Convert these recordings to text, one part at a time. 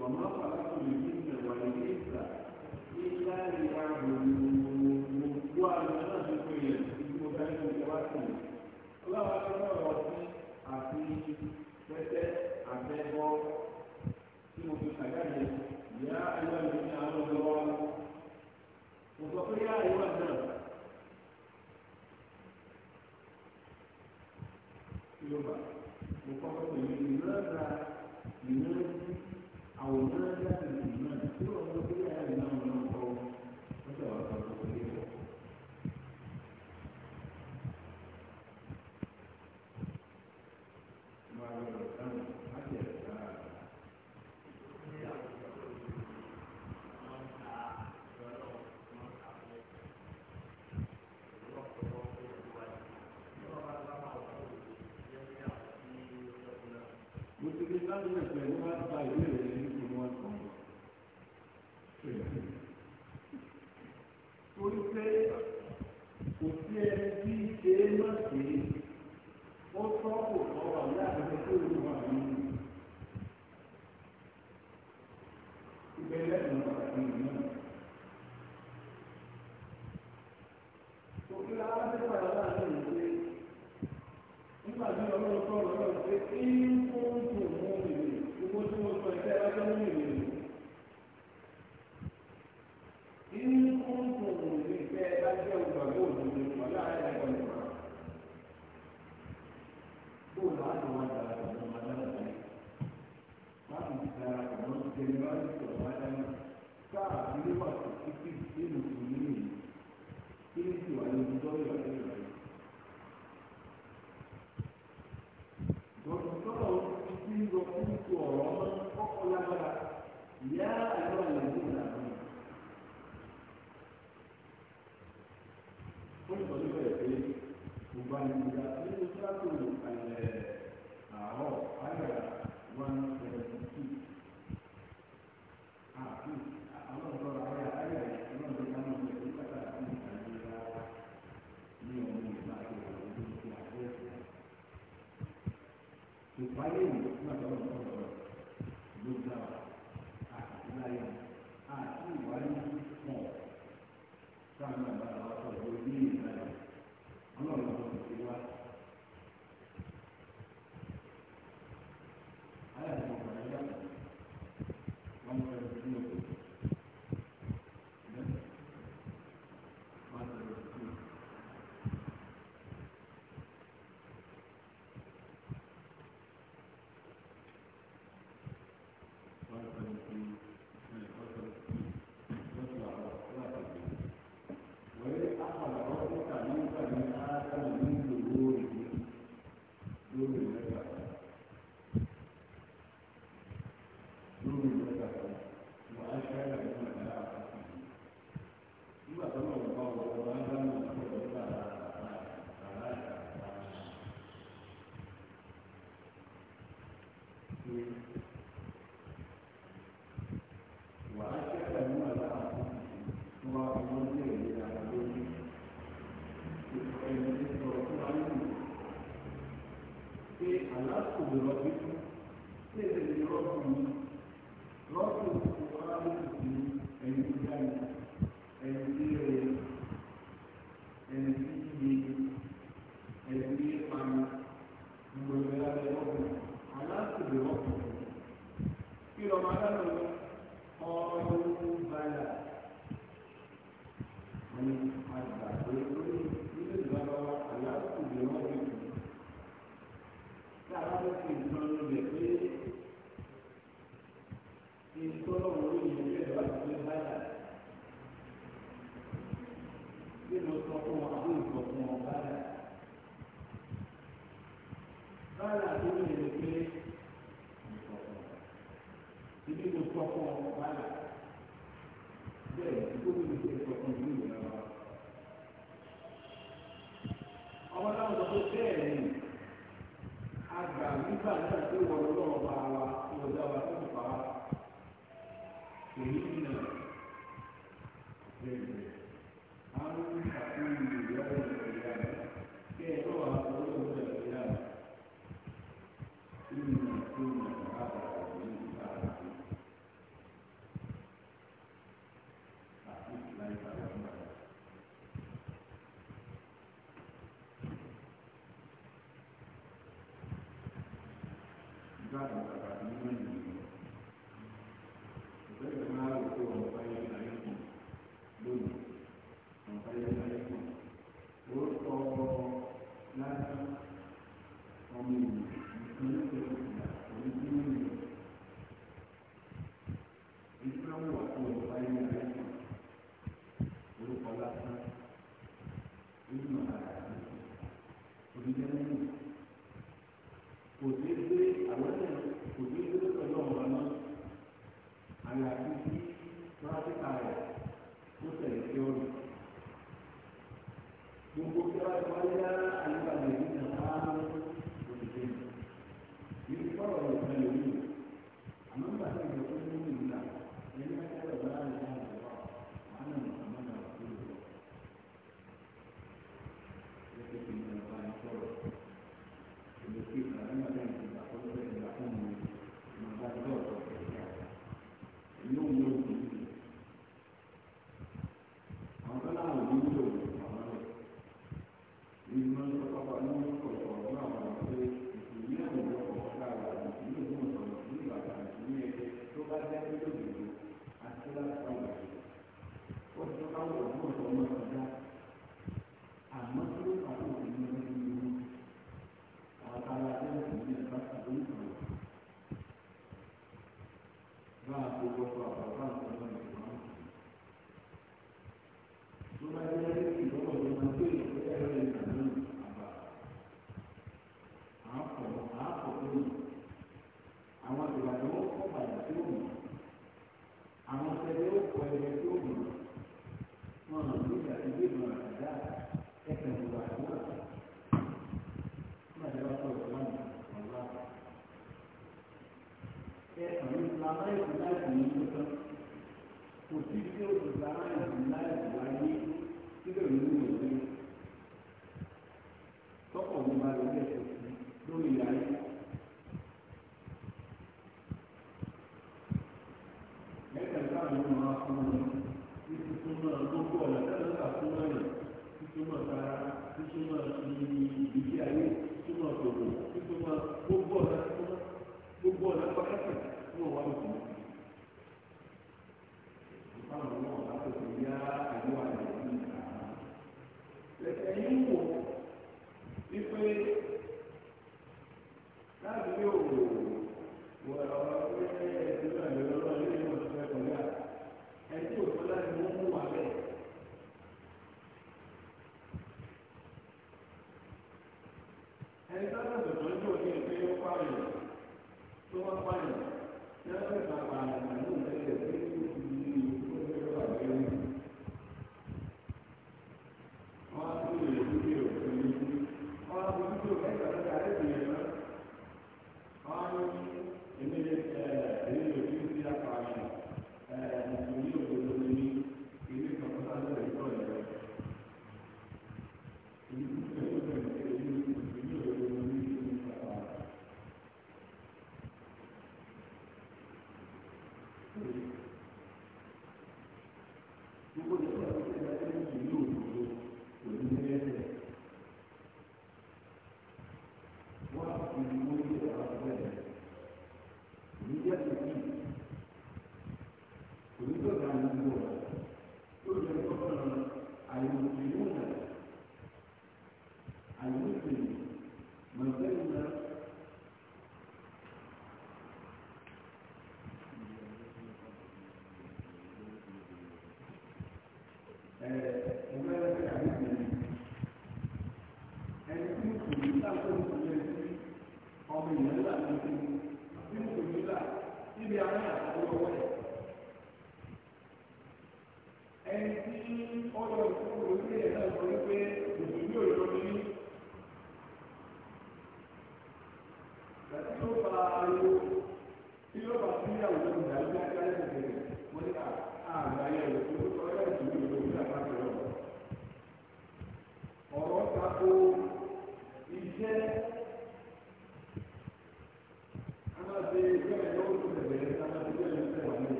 وما خلقت الجن والإنس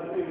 Thank you.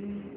mm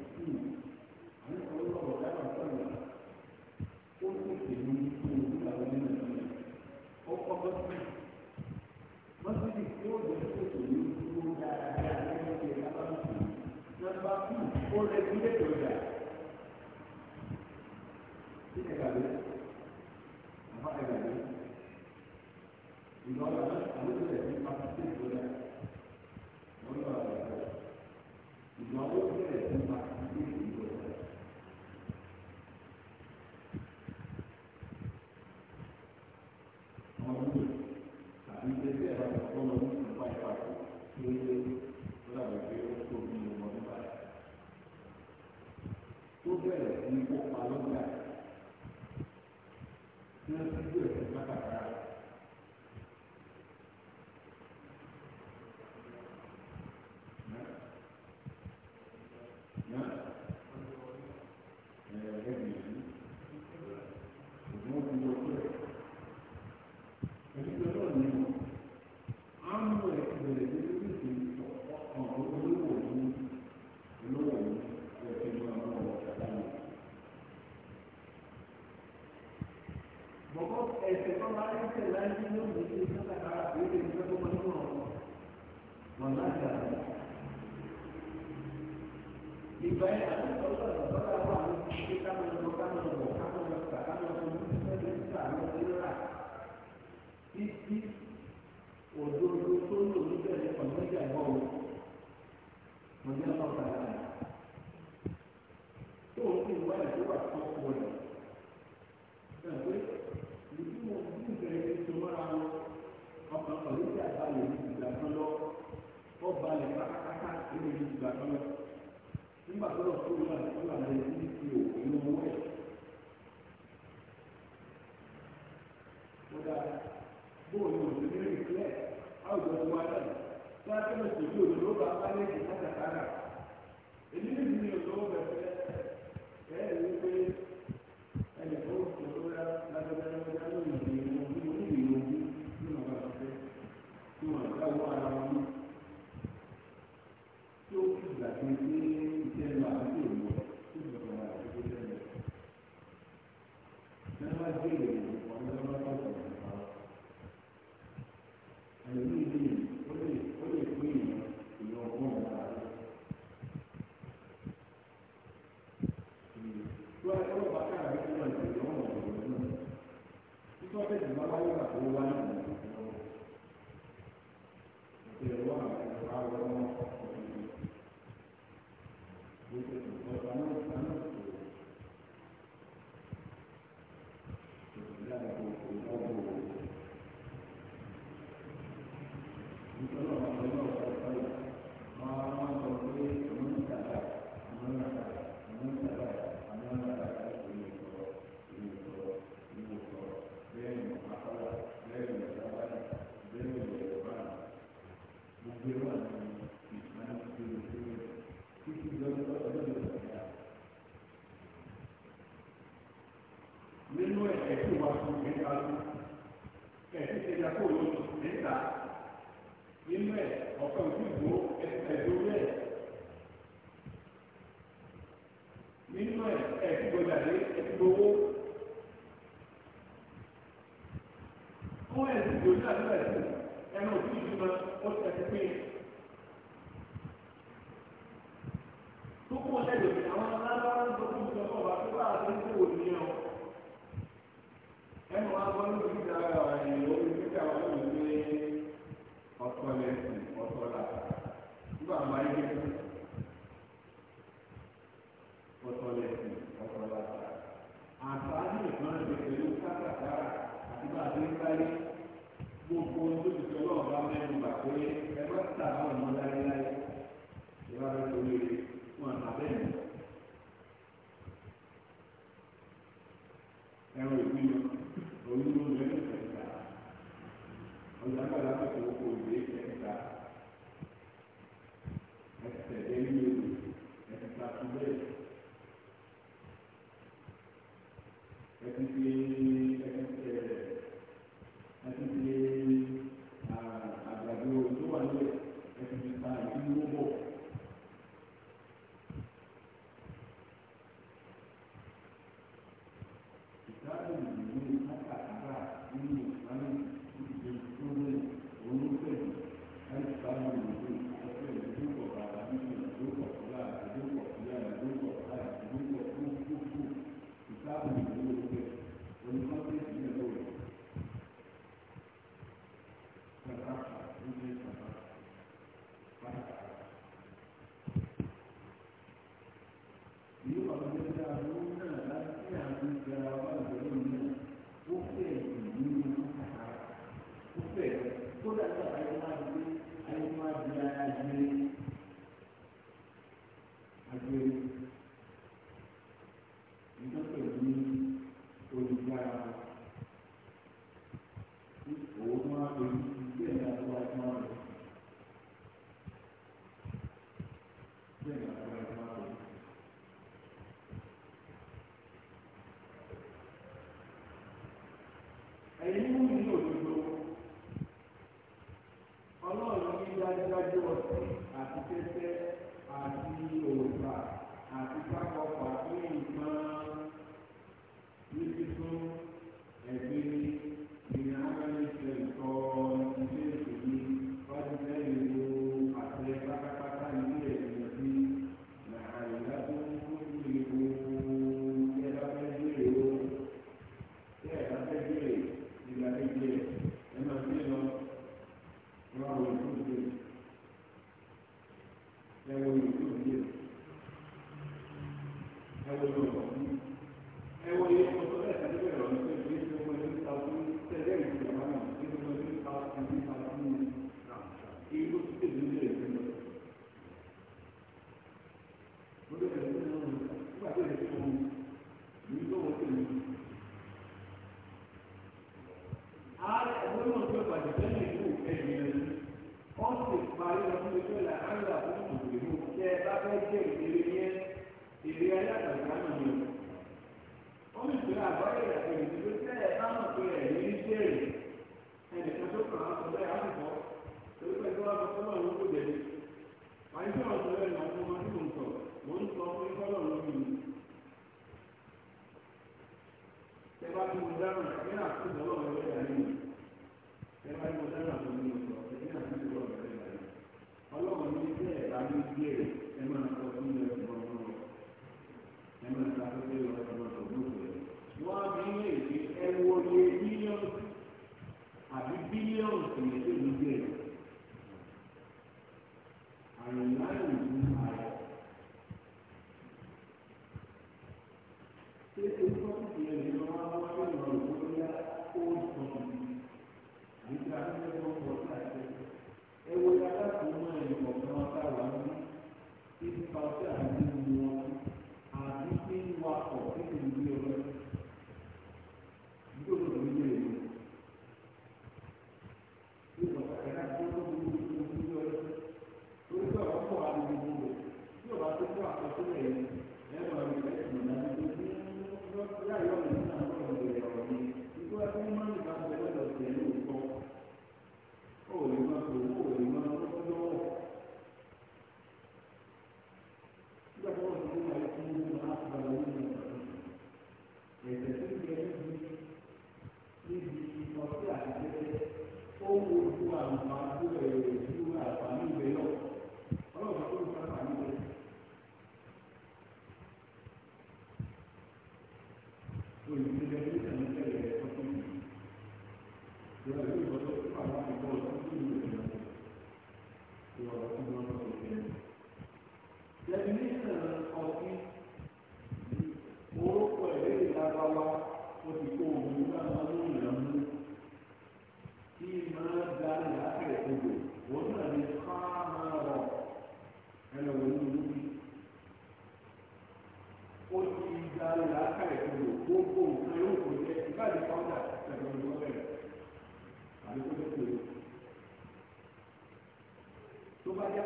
fún ẹ̀sìn tó ní àdúrà ẹ̀sìn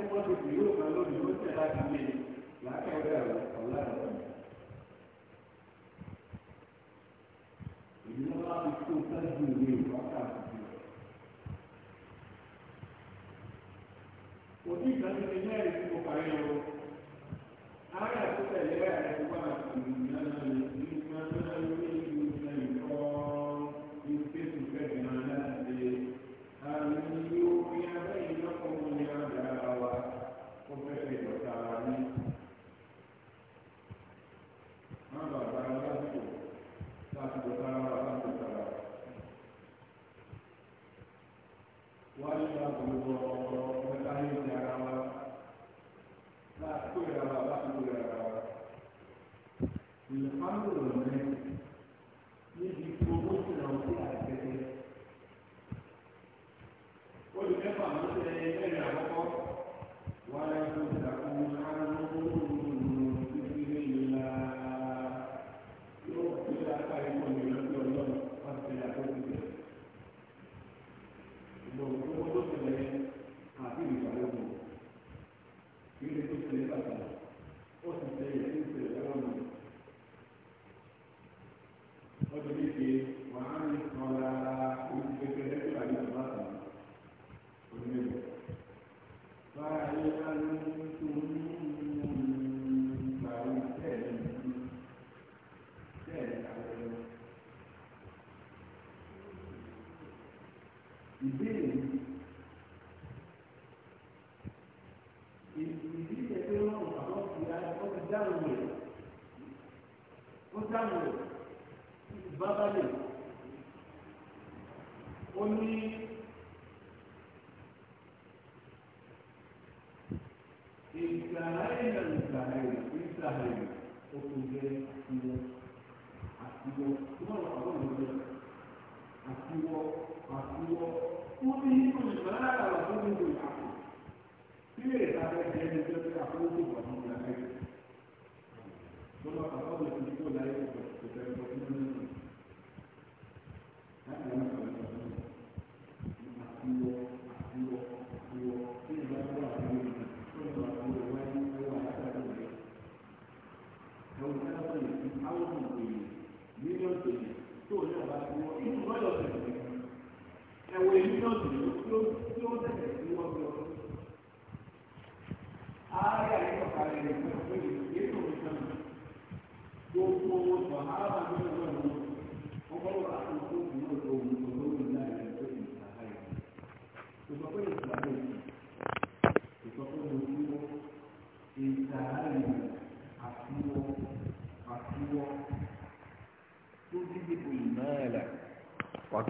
wọ́n ti fi yóò kan lónìí ó tẹ̀ láti lé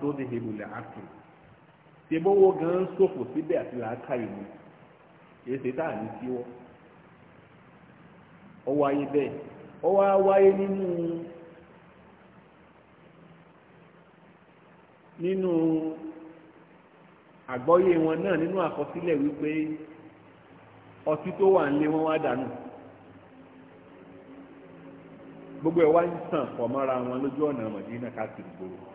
tó ní hebùlẹ̀ ákì ṣe bówó gan ṣòfò síbẹ̀ àti làákà ìlú èsè tá à ní síwọ́ ó wáyé bẹ́ẹ̀ ó wáyé nínú nínú àgbọ́yé wọn náà nínú àkọsílẹ̀ wípé ọtí tó wà nílé wọn wá dànù gbogbo wá ń sàn pọ̀ mọ́ra wọn lójú ọ̀nà káàkiri gbòòrò.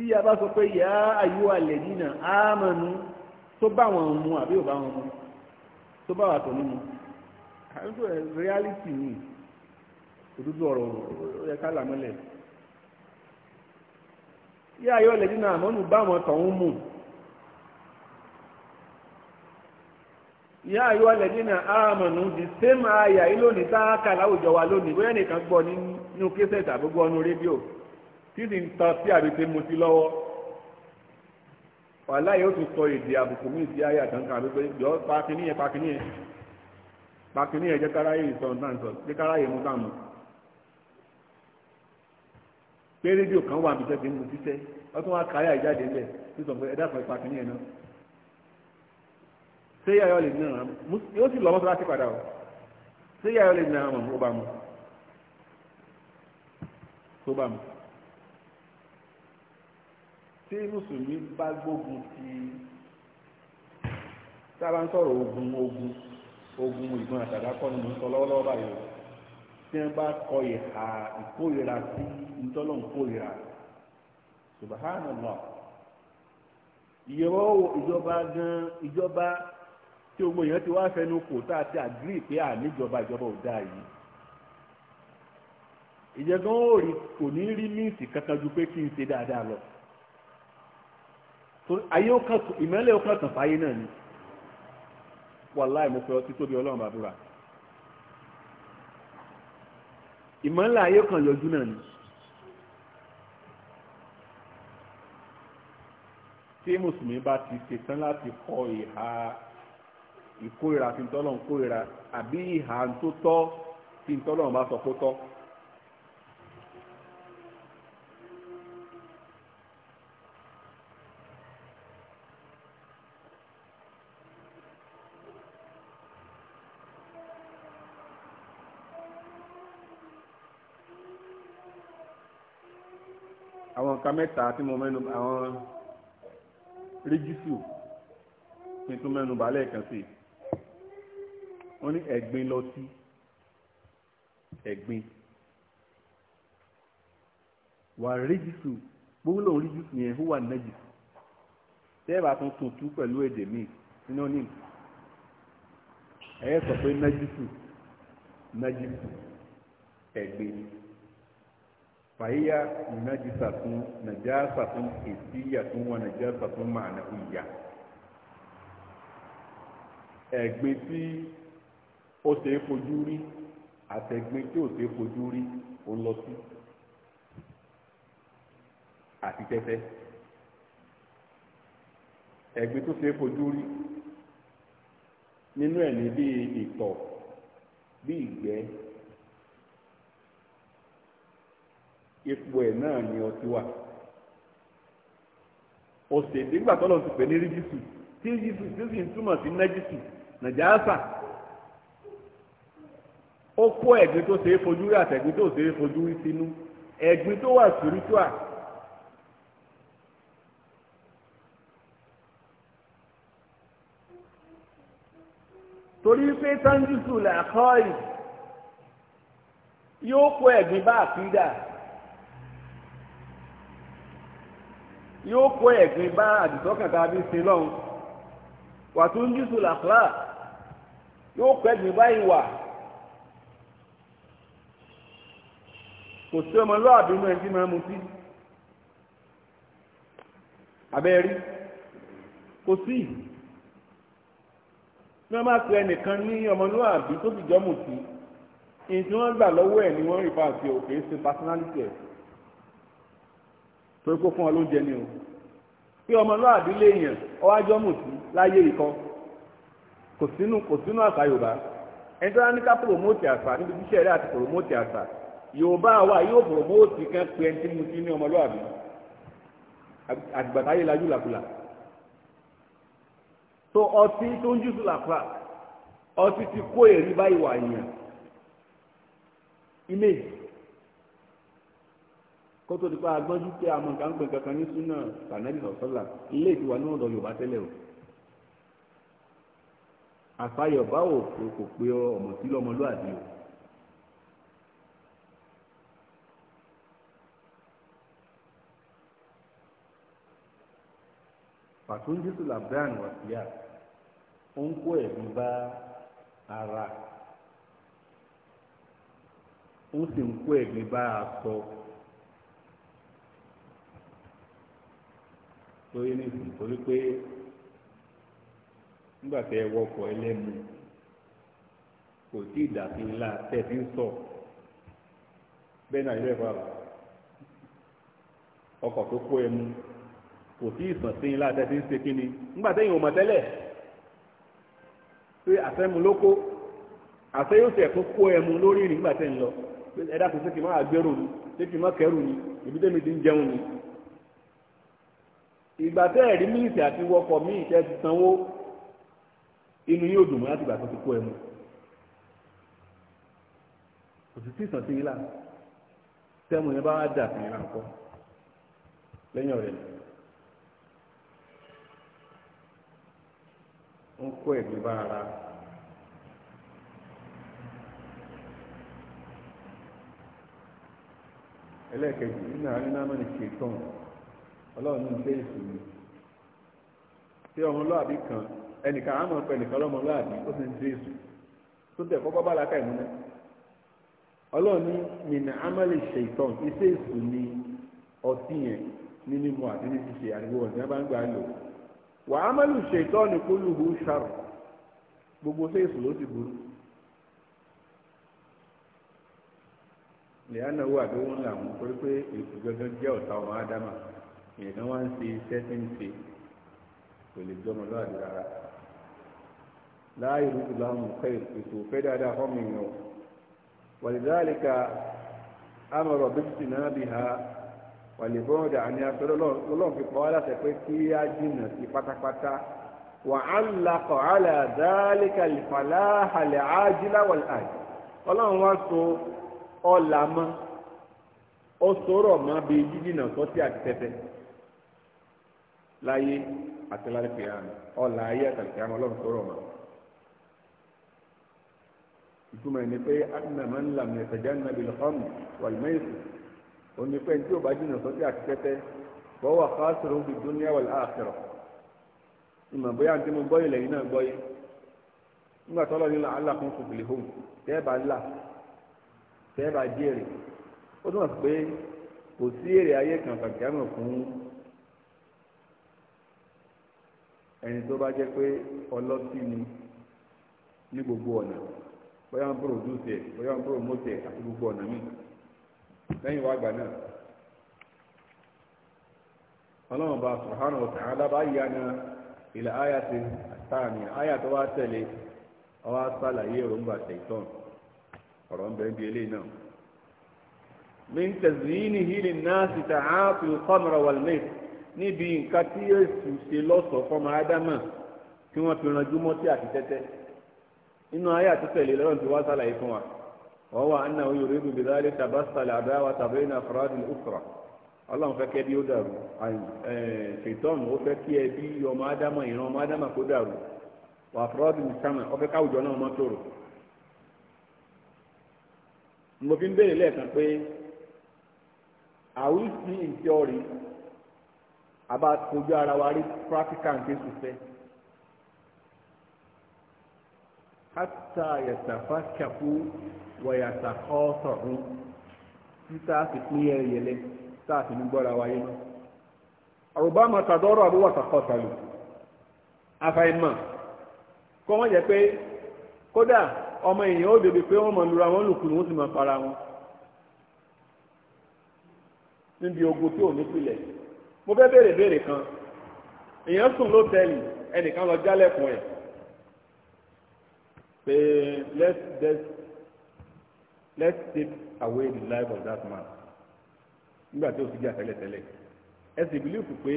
tí a bá sọ pé yà àyíwá lẹ́dínà ámànú tó bá wọn mu àbí ò bá wọn mu tó bá wà tó nínú àyíkò reality ni òdúdú ọ̀rọ̀ yẹ ká làmọ́lẹ̀ yà àyíwá lẹ́dínà àmọ́nù bá wọn tọ̀hún mu yà àyíwá lẹ́dínà ámànú the same àyà ilé òní tá a kà láwùjọ wa lónìí bóyá nìkan gbọ́ nínú késẹ̀ tàbí gbọ́ nínú rédíò tí sì ń ta sí àdètè mutí lọ́wọ́ wàhálà yóò tún sọ èdè àbùkù míì sí ayé àtàǹkà wípé yọ pàkínní yẹn pàkínní yẹn pàkínní yẹn jẹ́káráyè ìsọ̀ǹtàǹsọ jẹ́káráyè mú tàmù pé rédíò kan wà àbíṣẹ́ ti ń mu títẹ́ wọ́n tún wá káyà ìjáde ńlẹ̀ sísọ pé ẹ̀dá kan pàkínní yẹn náà ṣé yàyọ́ lè ní yóò sì lọ́wọ́ láti padà o ṣé yàyọ́ lè ní mọ̀ ó bá mu tó bá mu tí mùsùlùmí bá gbógun ti sábà ń sọ̀rọ̀ ogun ogun ogun ìgbọ́n àtàdá kọ́ ni mò ń sọ lọ́wọ́lọ́wọ́ báyìí o tí wọ́n bá kọ ìhà ìkórira sí ntọ́lọ́ ìkórira subhanallah ìyẹ̀wò ìjọba gan ìjọba tí gbogbo èèyàn ti wá fẹnu kò tá a ti àgírí pé àníjọba ìjọba ò dáa yìí ìjẹ̀gán ó rí kò ní rí míǹsì kankan ju pé kí n ṣe dáadáa lọ torí ayé ó kàn ìmọ́lẹ̀ ó kàn tàn fáyé náà ni wàláì mo fẹ́ ọtí tóbi ọlọ́run bàbúrà ìmọ́lẹ̀ ayé kan yọjú náà ni tí mùsùlùmí bá ti ṣetán láti kọ ìhà ìkórira tí ń tọ́lọ́run kórira àbí ìhà tó tọ́ tí ń tọ́lọ́run bá sọ pé tọ́. nǹkan mẹ́ta tí mo mẹ́nu àwọn rígísù kí n tún mẹ́nu bà lẹ́ẹ̀kan sí wọ́n ní ẹ̀gbin lọ sí ẹ̀gbin wà rígísù gbogbo lòun rígísù yẹn ó wà nẹ́jì tẹ́ẹ̀bà tún tuntun pẹ̀lú èdè míì nínú ní ẹ̀yẹ́ sọ pé nẹ́jì sù nẹ́jì sù ẹ̀gbin fàyíyà nàjìsà tún nàjàsà tún èsìyà tún wọn nàjàsà tún màánà tí ó ṣe é fojú rí àtẹ̀gbin tí ò ṣe é fojú rí ó lọ sí àti tẹ́tẹ́ tó ṣe é fojú rí nínú ẹ ní bíi ìtọ̀ bíi ipò ẹ̀ náà ni ọtí wà ọ̀sẹ̀ nígbà tó lọ́n ti pè ní rígísù tí rígísù tí sì ń túmọ̀ sí nẹ́gísù nàjàásà ó kó ẹ̀gbin tó ṣe é fojú rí àtẹ̀gbin tó ṣe é fojú rí sínú ẹ̀gbin tó wà spiritual torí pé tanjúsù làkọ́ọ̀yì yóò kó ẹ̀gbin bá àkídà yóò kó ẹ̀gbin bá àdìsọ́kàn tá a fi sin lọ́hùn wàtún jùsù làkúrà yóò kó ẹ̀gbin bá ìwà kò sí ọmọlúwàbí inú ẹni tí máa mutí abẹ́rí kò sí ní wọ́n máa pe ẹnìkan ní ọmọlúwàbí tó sì jọ́ mutí èyí tí wọ́n gbà lọ́wọ́ ẹ̀ ni wọ́n rí pa àti òkè ṣe personality ẹ̀ torí kó fún ọ lóúnjẹ ni o pé ọmọlúwàbí léèyàn ọwájọ́ mùsùlùmí láyé ìkan kò sínú kò sínú àṣà yorùbá ẹni tó ní ká promote àṣà níbi tí sẹ́ẹ̀rẹ́ àti promote àṣà yorùbá wa yóò promote kan pé ẹni tí mo ti ní ọmọlúwàbí àgbàtáyé lajú làkúlà tó ọtí tó ń jùsù làkúlà ọtí ti kó èrè báyìí wà yẹn image kó tó di pa agbọ́njú pé àmọ́ nǹkan gbẹ̀ kankan ní súnà tànẹ́bì lọ́sọ́là ilé ìtiwa ní ọ̀dọ̀ yorùbá tẹ́lẹ̀ o àfàyọ̀ báwo kò pé ọmọ sí lọ́mọlúwàbí o fàtúndísù làbẹ́àn wàsíyà ó ń kó ẹ̀dùn bá ara ó sì ń kó ẹ̀dùn bá aṣọ. lórí ní torí pé nígbà tẹ wọkọ̀ ẹlẹ́mu kò tí ì dàbí ńlá tẹ̀ ń sọ bẹ́ẹ̀ náà ilé ọkọ̀ tó kó ẹmu kò tí ì sàn sí ńlá tẹ̀ ń ṣe kí ni nígbà tẹ̀yìn ò mọ̀ tẹ́lẹ̀ pé àfẹ́mu ló kó àfẹ́ yóò tẹ̀ tó kó ẹmu lórí nígbà tẹ̀ ń lọ ẹ̀dá kò sí kì gbẹ́rù ni sí kì kẹ́rù ni ìbí tẹ́mi ti ń jẹun ni ìgbà tẹ́ ẹ̀rí mílíìtì àti wọkọ̀ míì tẹ́ ti sanwó inú yóò dùn mọ́ láti ìgbà tó ti kó ẹ mu kò sì sí ìsàn sí ilá tẹ́mu yẹn bá wá dà sí ìlànà kọ́ lẹ́yìn ọ̀rẹ́ lẹ́yìn. ń kó ẹ̀mí bá ara. ẹlẹ́ẹ̀kejì nínú àárín náà ní ṣètò ọ̀hún. ọlọ́run ní iṣẹ́ èṣù ni tí ọmọlúwàbí kan ẹnìkan àmọ́ pẹ̀lú kan lọ́mọlúwàbí ó sì ń tó tẹ̀ kọ́kọ́ bá làákà ìmúná ọlọ́run ní ni ọtí yẹn ní mímu àti ní ṣíṣe lò wà ní ṣàrò gbogbo ló ti burú lẹ́yìn náà wà tó ń là pé gẹ́gẹ́ jẹ́ ọ̀tá èyí kan wá ń ṣe iṣẹ́ tí ń kò lè jọmọ rárá láàyè ètò dáadáa bíbítì náà bí ha àní afẹ́rẹ́ fi pọ̀ pé kí á jìnà sí pátápátá wà á ọlọ́run wá so ó sọ̀rọ̀ jíjìnà àti tẹ́tẹ́. láyé àti lálẹ́ kìlámù ọ̀la ayé àtàlẹ́ kìlámù ọlọ́run tó rọ̀ mọ́ ìtumọ̀ ẹni pé anamọ ńlá mi ẹ̀sẹ̀já nàbí lọ́mù wàlmẹ́sì òní pé tí ò bá jìnnà sọ́jà àti tẹ́tẹ́ bọ́wọ́ fásitì òbí dúnìá wà láàkìrọ̀ ìmọ̀ bóyá àti mo gbọ́yìn lẹ́yìn náà gbọ́yìn nígbà tọ́lọ́ ní làálà fún fòfìlì home tẹ́ẹ̀bà ńlá tẹ́ẹ̀bà jẹ́rìí ó túmọ̀ pé kò sí èrè ayé kan kàkíyàmọ̀ fún ẹni tó bá jẹ́ pé ọlọ́tí ni ní gbogbo ọ̀nà bóyá ń bòrò dúdú ẹ̀ bóyá ń bòrò mọ́tẹ̀ àti gbogbo ọ̀nà míì lẹ́yìn wá gbà náà ọlọ́run bá subhanahu wa ta'ala bá yà na ilẹ̀ àyà ti àtàmì àyà tó wá tẹ̀lé ọwá sàlàyé èròǹgbà tẹ̀tọ́n ọ̀rọ̀ ń naa. bí eléyìí náà min tazwinihi lin nasi ta'atul khamra níbi nǹkan tí Jésù ṣe lọ́sọ̀ọ́ fọmọ ádámà kí wọ́n fi ranjú mọ́tí àti tẹ́tẹ́ nínú ayé àtúntẹ̀lé lọ́rùn tí wọ́n sàlàyé fún wa wọ́n wà ánà oyèrè bèbè láàrin tabasala àdáwà tàbẹ́yìn àfúrádìí òkúra ọlọ́run fẹ́ kẹ́ bí ó dàrú ṣètọ́nù ó fẹ́ kí ẹ bí ọmọ ádámà ìran ọmọ ádámà kó dàrú wà fúrọ́dù nìkanà ó fẹ́ káwùjọ náà mọ́ tòrò. mo fi ń béèrè lẹ́ẹ̀kan pé are we still àbá kojú ara wa rí practical ń kéṣù fẹ́ hátà yàtàfà kẹfù wọ̀yàtà ọ̀sọ̀rún tí tá a sì pín yẹlẹyẹlẹ tá a sì ní gbọ́ra wáyé náà àrùbá màtàdọ́rọ̀ àbúwàtà kọ̀ọ̀tàlù àfàìmọ̀ kọ́ wọ́n jẹ́ pé kódà ọmọ èèyàn ó bèbè pé wọ́n mọ̀ lura wọn lùkùn wọ́n sì mọ̀ para wọn níbi ogun tí ò ní pilẹ̀ mo fẹ́ béèrè béèrè kan èèyàn sùn lótẹ́ẹ̀lì ẹnìkan lọ jálẹ̀kùn ẹ̀ pé let's let's let's take away the life of that man nígbà tí o ti jà tẹ́lẹ̀tẹ́lẹ̀ ẹ sì bìlífù pé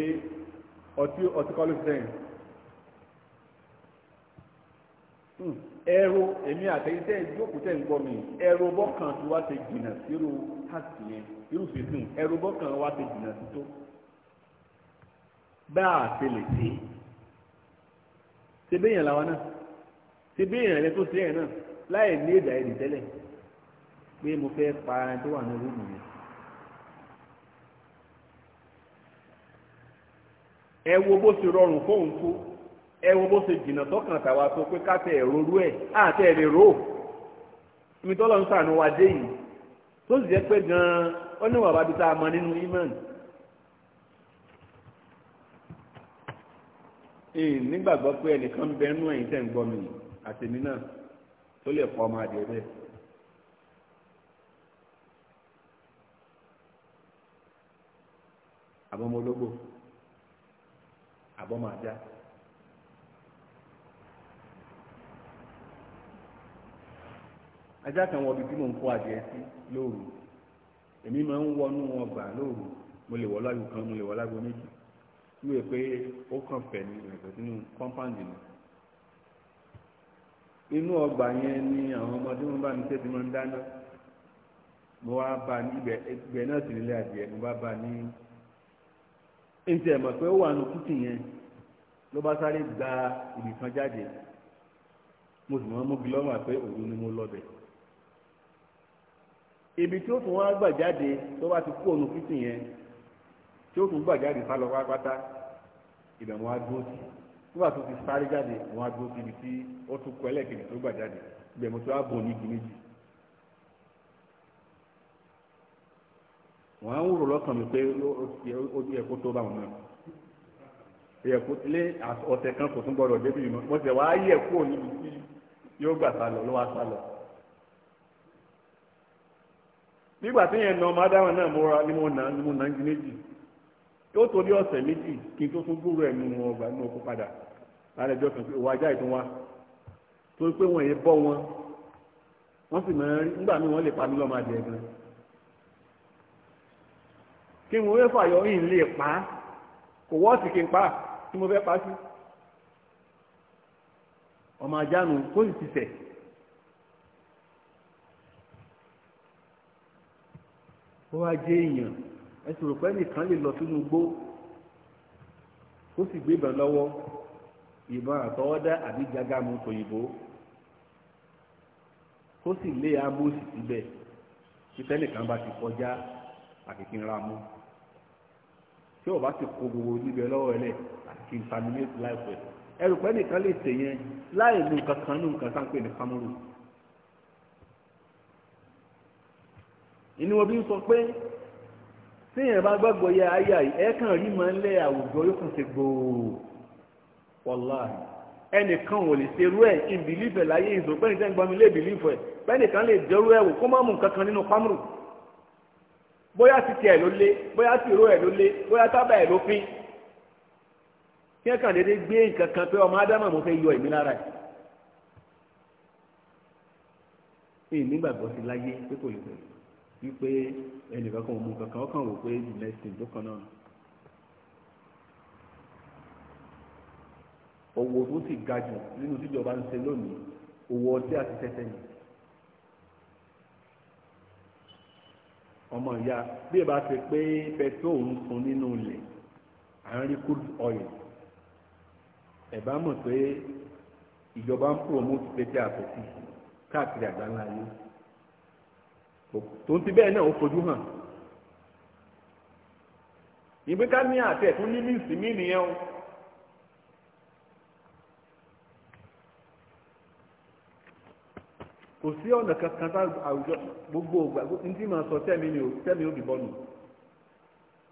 ọtí ọtí kọ́ ló fi sẹ́yìn hmm, ẹ̀rọ èmi àtẹ̀yẹsẹ̀ ìjókòó tẹ̀ ń gbọ́ mi ẹ̀rọ bọ́kàn tí wàá ti jìnnà sírú hàtì yẹn irúfẹ́ sùn ẹ̀rọ bọ́kàn wàá ti jìnnà sí tó. bá ti ṣe lè ṣe ṣe béèyàn làwọn náà ṣe béèyàn rẹ tó ṣe yẹn náà láì ní èdè àìdè tẹ́lẹ̀ pé mo fẹ́ pa ara tó wà ní rúùmù yẹn. ẹ wo bó ṣe rọrùn fóun ẹ wo bó ṣe jìnnà tọkàn tàwa tó pé ká tẹ ẹ rorú ẹ àtẹ ẹ rò ó sànù wa dé yìí tó sì mọ nínú imán. ìyìn nígbàgbọ́ pé ẹnìkan bẹ nú ẹ̀yìn tẹ̀ ń gbọ́ mi àtẹ̀mí náà tó lè pọ̀ ọmọ adìẹ bẹ́ẹ̀. àbọ̀mọ ológbò àbọ̀mọ ajá. ajá kan wọ ibi tí mò ń kó adìẹ sí lóru èmi máa ń wọnú ọgbà lóru mo lè wọ lágbo kan mo lè wọ lágbo méjì wíwẹ̀ pé ó kàn fẹ̀ ní ìrìnàjò sínú kọ́ńpáǹdì ni inú ọgbà yẹn ni àwọn ọmọdé wọn bá mi tẹ́tí máa ń dáná mo wá bá ní ibẹ̀ ibẹ̀ náà sì nílé adìẹ mo bá bá ní ǹjẹ́ mọ̀ pé ó wà nù kùtì yẹn ló bá sáré gba ibìkan jáde mo sì mọ́ mú gílọ́mà pé òun ni mo lọ bẹ̀ ibi tí ó tún wá gbà jáde tó bá ti kú òun kùtì yẹn tí ó tún gbà jáde sálọ pátá wọn á dúró sí nígbà ibi tí ó tún kọ ẹlẹ́kẹ̀dẹ̀ tó gbà jáde ibẹ̀ mo tún á ní méjì. wọn á ń rò lọ́kàn mi pé ó yẹ kó tó bá wọn náà ẹ̀kú ọ̀sẹ̀ kan kò tún gbọdọ̀ débi ìmọ̀ mo yóò gbà sálọ ló wá yóò tó ní ọ̀sẹ̀ méjì kí n tó tún gbúrò ẹ̀mí wọn ọgbà nínú oko padà lára ẹjọ́ kan pé òwò ajá ìtún wa torí pé wọ́n yẹn bọ́ wọn wọ́n sì máa ń nígbà wọ́n lè pa mí lọ́mọ adìẹ gan kí n wọ́n fàyọ yìí lè pa á kò wọ́ọ̀sì kí n pa á mo fẹ́ pa á sí ọmọ ajá nu kó sì ti sẹ̀. ó wá ẹsùn rò pé nìkan lè lọ sínú igbó kó sì gbé ìbọn lọ́wọ́ ìbọn àtọwọ́dá àbí jágámù tòyìnbó kó sì lé amóòsì síbẹ̀ tí tẹ́nìkan bá ti kọjá àti kí n ra mú tí ọba ti kó gbogbo níbẹ̀ lọ́wọ́ ẹlẹ́ àti kí n terminate láìpẹ́ ẹrù pé nìkan lè tè yẹn láì nu nǹkan kan nu nǹkan sáńpẹ̀ ní kámúrù inú wọn bí ń sọ pé tíyẹn bá gbàgbọ́ yẹ ayé àyè ẹ kàn rí máa ń lẹ àwùjọ yóò kàn ṣe gbòòrò wàláhì ẹnìkan ò lè ṣerú ẹ ìbílífẹ láyé ìzò pẹ́ẹ́nì tẹ́ ń gbọ́n mi lé ìbílífẹ pẹ́ẹ́nìkan lè dẹrú ẹ wò kó má mú nǹkan kan nínú pámúrù bóyá ti tiẹ̀ ló lé bóyá ti ìró ẹ̀ ló lé bóyá tábà ẹ̀ ló fín kí ẹ kàn déédéé gbé nǹkan kan pé ọmọ ádámà mo fẹ́ yọ ẹ̀mí lára ẹ̀ èyí nígbàgbọ́ sí láyé pé kò lè bẹ̀rẹ̀ wípé ẹnìkan kan ò mú kankan ọkàn wò pé the next thing ló kan náà owó tó sì ga jù nínú tíjọba ń ṣe lónìí owó ọtí àti tẹ́tẹ́ ni ọmọ ìyá bí ẹ bá ṣe pé petrol ń sun nínú ilẹ̀ àárín crude oil ẹ bá mọ̀ pé ìjọba ń promote pété àpótí káàkiri àgbáńlá yìí tó ń ti bẹ́ẹ̀ náà ó fojú hàn ìgbé ká ní àtẹ fún ní míìsì mí nìyẹn o kò sí ọ̀nà kankan tá àwùjọ gbogbo ògbà ní tí màá sọ tẹ́mi ni o tẹ́mi ó dìbọn nù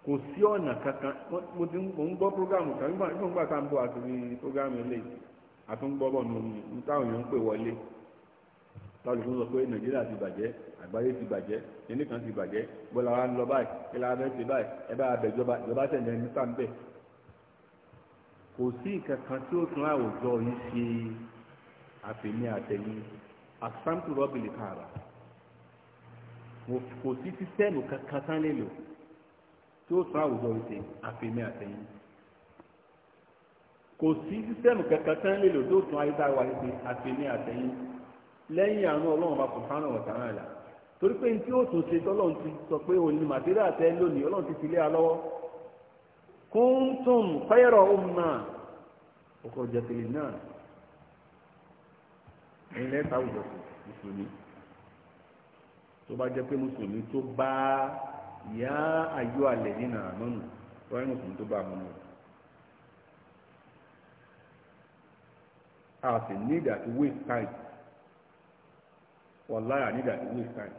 kò sí ọ̀nà kankan mo ti mo ń gbọ́ programu kan nígbà nígbà nígbà tá à ń bọ̀ àti ní programu eléyìí àtúngbọ́ bọ̀ nù táwọn èèyàn ń pè wọlé táwọn èèyàn ń sọ pé nàìjíríà ti bàjẹ́ àgbáyé ti bàjẹ́ kíní kan ti bàjẹ́ bọ́lá wa ń lọ báyìí kí la fẹ́ ṣe báyìí ẹ bá abẹ ìjọba ìjọba tẹ̀lé ẹni sáà ń bẹ̀. kò sí nǹkan kan tí ó tún àwùjọ yìí ṣe àfẹ̀mí àtẹ̀yìn àsáǹtù rọ́bìlì kààrà kò sí sísẹ́ẹ̀mù kankan tán lè lò tí ó tún àwùjọ yìí ṣe àfẹ̀mí àtẹ̀yìn kò sí sísẹ́ẹ̀mù kankan tán lè lò tí ó tún ayé tá a wà yìí ṣe àfẹ̀mí àtẹ̀yìn lẹ́yìn àánú ọlọ́run bá kò fáràn ọ̀tá náà là torí pé tí ó tún ṣe tọ́lọ́run ti sọ pé òun ni màdíríà tẹ́ lónìí ọlọ́run ti fi lé alọ́wọ́ kúntùm fẹ́rọ̀ ọmọ ọkọ̀ jẹ̀tìlì náà ilẹ̀ táwùjọ mùsùlùmí tó bá jẹ́ pé mùsùlùmí tó bá yá ayọ́ alẹ̀ nínú àmọ́nù wáyé mùsùlùmí tó bá mọ́nù a sì ní ìdàtí waste time wọ́n láyà ní ìdàtí waste time.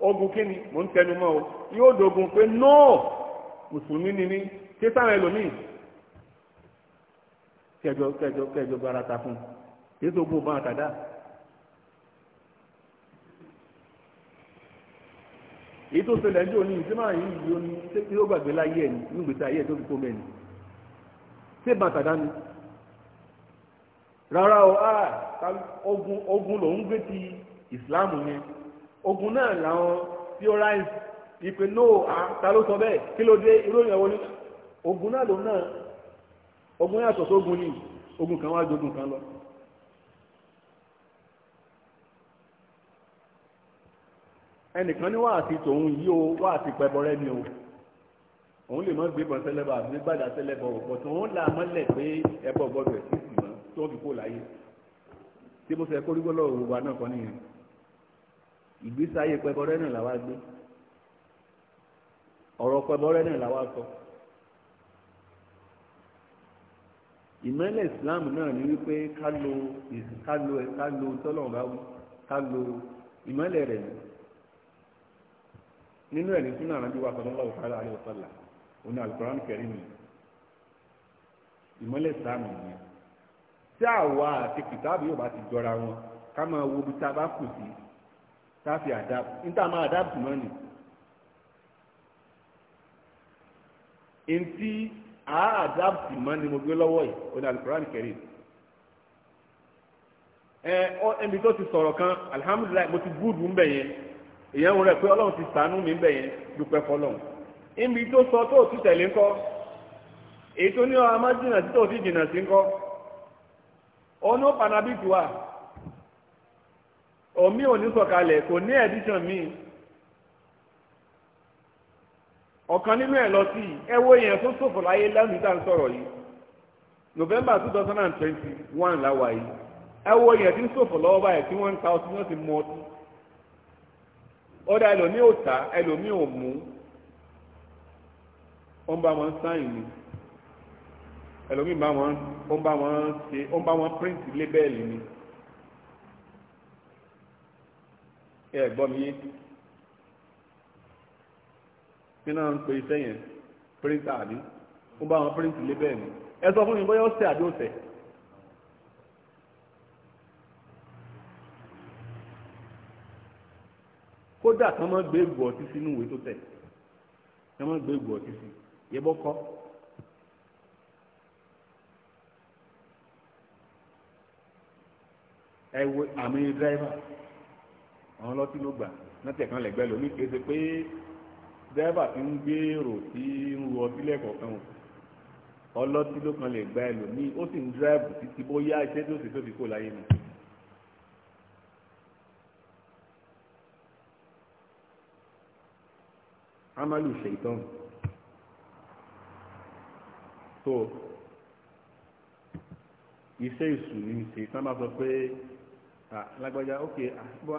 ogun kí ni mò ń tẹnu mọ́ o yóò dogun pé nóò mùsùlùmí ni mí ké sáwọn ẹlòmíì kẹjọ kẹjọ kẹjọ bára ta fún un kí ogun bá àtàdá. èyí tó ṣẹlẹ̀ ń jò ní ìdí máa yìí yìí ó ní ṣé kí ó gbàgbé láyé ẹ̀ ní ìgbésí ayé ẹ̀ tó fi kó mẹ́ni ṣé bàtàdá ni rárá o ah, ogun ogun lòún gbé ti ìsìláàmù yẹn ogun náà làwọn purines ìpè nóò ta ló sọ bẹ́ẹ̀ kí ló dé ìròyìn ẹ̀wọ̀n ní ogun náà lòun náà ogun yàtọ̀ sógun ni ogun kan wá jogun kan lọ. ẹnìkan ní wáàtí tòun yìí o wáàtí pẹbọrẹ ni o òun lè mọ gbé bọn sẹlẹbọ àbí gbàdá sẹlẹbọ ọ̀pọ̀ tó ń là mọ́lẹ̀ pé ẹbọ gbọ́dọ̀ ẹ sí sí mọ tó fi kó láyé tí mo sẹ kórìgbọlọ òwúwa náà kọ nìyẹn ìgbésí ayé pẹbọrẹ náà làwa gbé ọ̀rọ̀ pẹbọrẹ náà làwa sọ ìmọ́lẹ̀ islam náà ni wípé ká lo ká lo ká lo tọ́lọ́run bá wí ká lo ìmọ́lẹ̀ rẹ̀ ni nínú ẹ̀ ní súnà ànábì wa sallallahu alaihi wa sallam òun alukoran kẹrin mi ìmọ́lẹ̀ islam nìyẹn tí àwa àti kìtàbù yóò bá ti jọra wọn ká máa wo bí tá a bá kù sí táàfì adapt níta ma adapt money ni. ti a adapt mọ́ ni mo gbé lọ́wọ́ yìí ó ní alukoran ẹ ọ ẹnbi tó ti sọ̀rọ̀ kan alihamudulilayi mo ti gúdù ń bẹ̀ èyàn ń rẹ pé ọlọ́run ti ṣàánú mi tó sọ tó tún tẹ̀lé ńkọ́ èyí tó ní ọ amájìnà tí tó ti jìnà sí ńkọ́ omi ò ní sọ̀kalẹ̀ kò ní edition mi ọ̀kan nínú ẹ̀ lọ sí ẹ wo yẹn tó ṣòfò láyé lẹ́nu tá à ń yìí november two thousand and twenty one láwa yìí ẹ wo yẹn tí ń ṣòfò lọ́wọ́ báyìí tí wọ́n ń ta ọtí wọ́n ti mú ọtí ọ̀dà ẹlòmíì ò ta ẹlòmíì ò mú ó bá wọn sáyìn ni ẹlòmíì bá wọn ó bá wọn ṣe ó bá wọn print lébẹ́ẹ̀lì ni. ẹ gbọ́ mi yé nínú ń pe iṣẹ́ yẹn píríntà àbí ó bá wọn píríntì lé bẹ́ẹ̀ ni ẹ sọ fún mi bóyá ọ̀sẹ̀ àbí ọ̀sẹ̀ kódà kí wọ́n máa gbé egbò ọtí sínú ìwé tó tẹ̀ kí wọ́n máa gbé egbò ọtí sí yẹ bọ́ kọ́. ẹ wo àmì dírẹ́fà àwọn ọlọ́tí ló gbà nọ́tì kan lẹ̀gbẹ́ lómi kì í ṣe pé dẹ́rẹ́bà ti ń gbèrò tí ń ru ọtí lẹ́kọ̀ọ̀kan o ọlọ́tí ló kan lè gba ẹlòmíì ó sì ń dírẹ́bù títí bóyá iṣẹ́ tó ti tó fi kó láyé ni. amalu ṣèitán so iṣẹ́ ìsù ni ṣèitán bá sọ pé lágbájá ókè àbúrò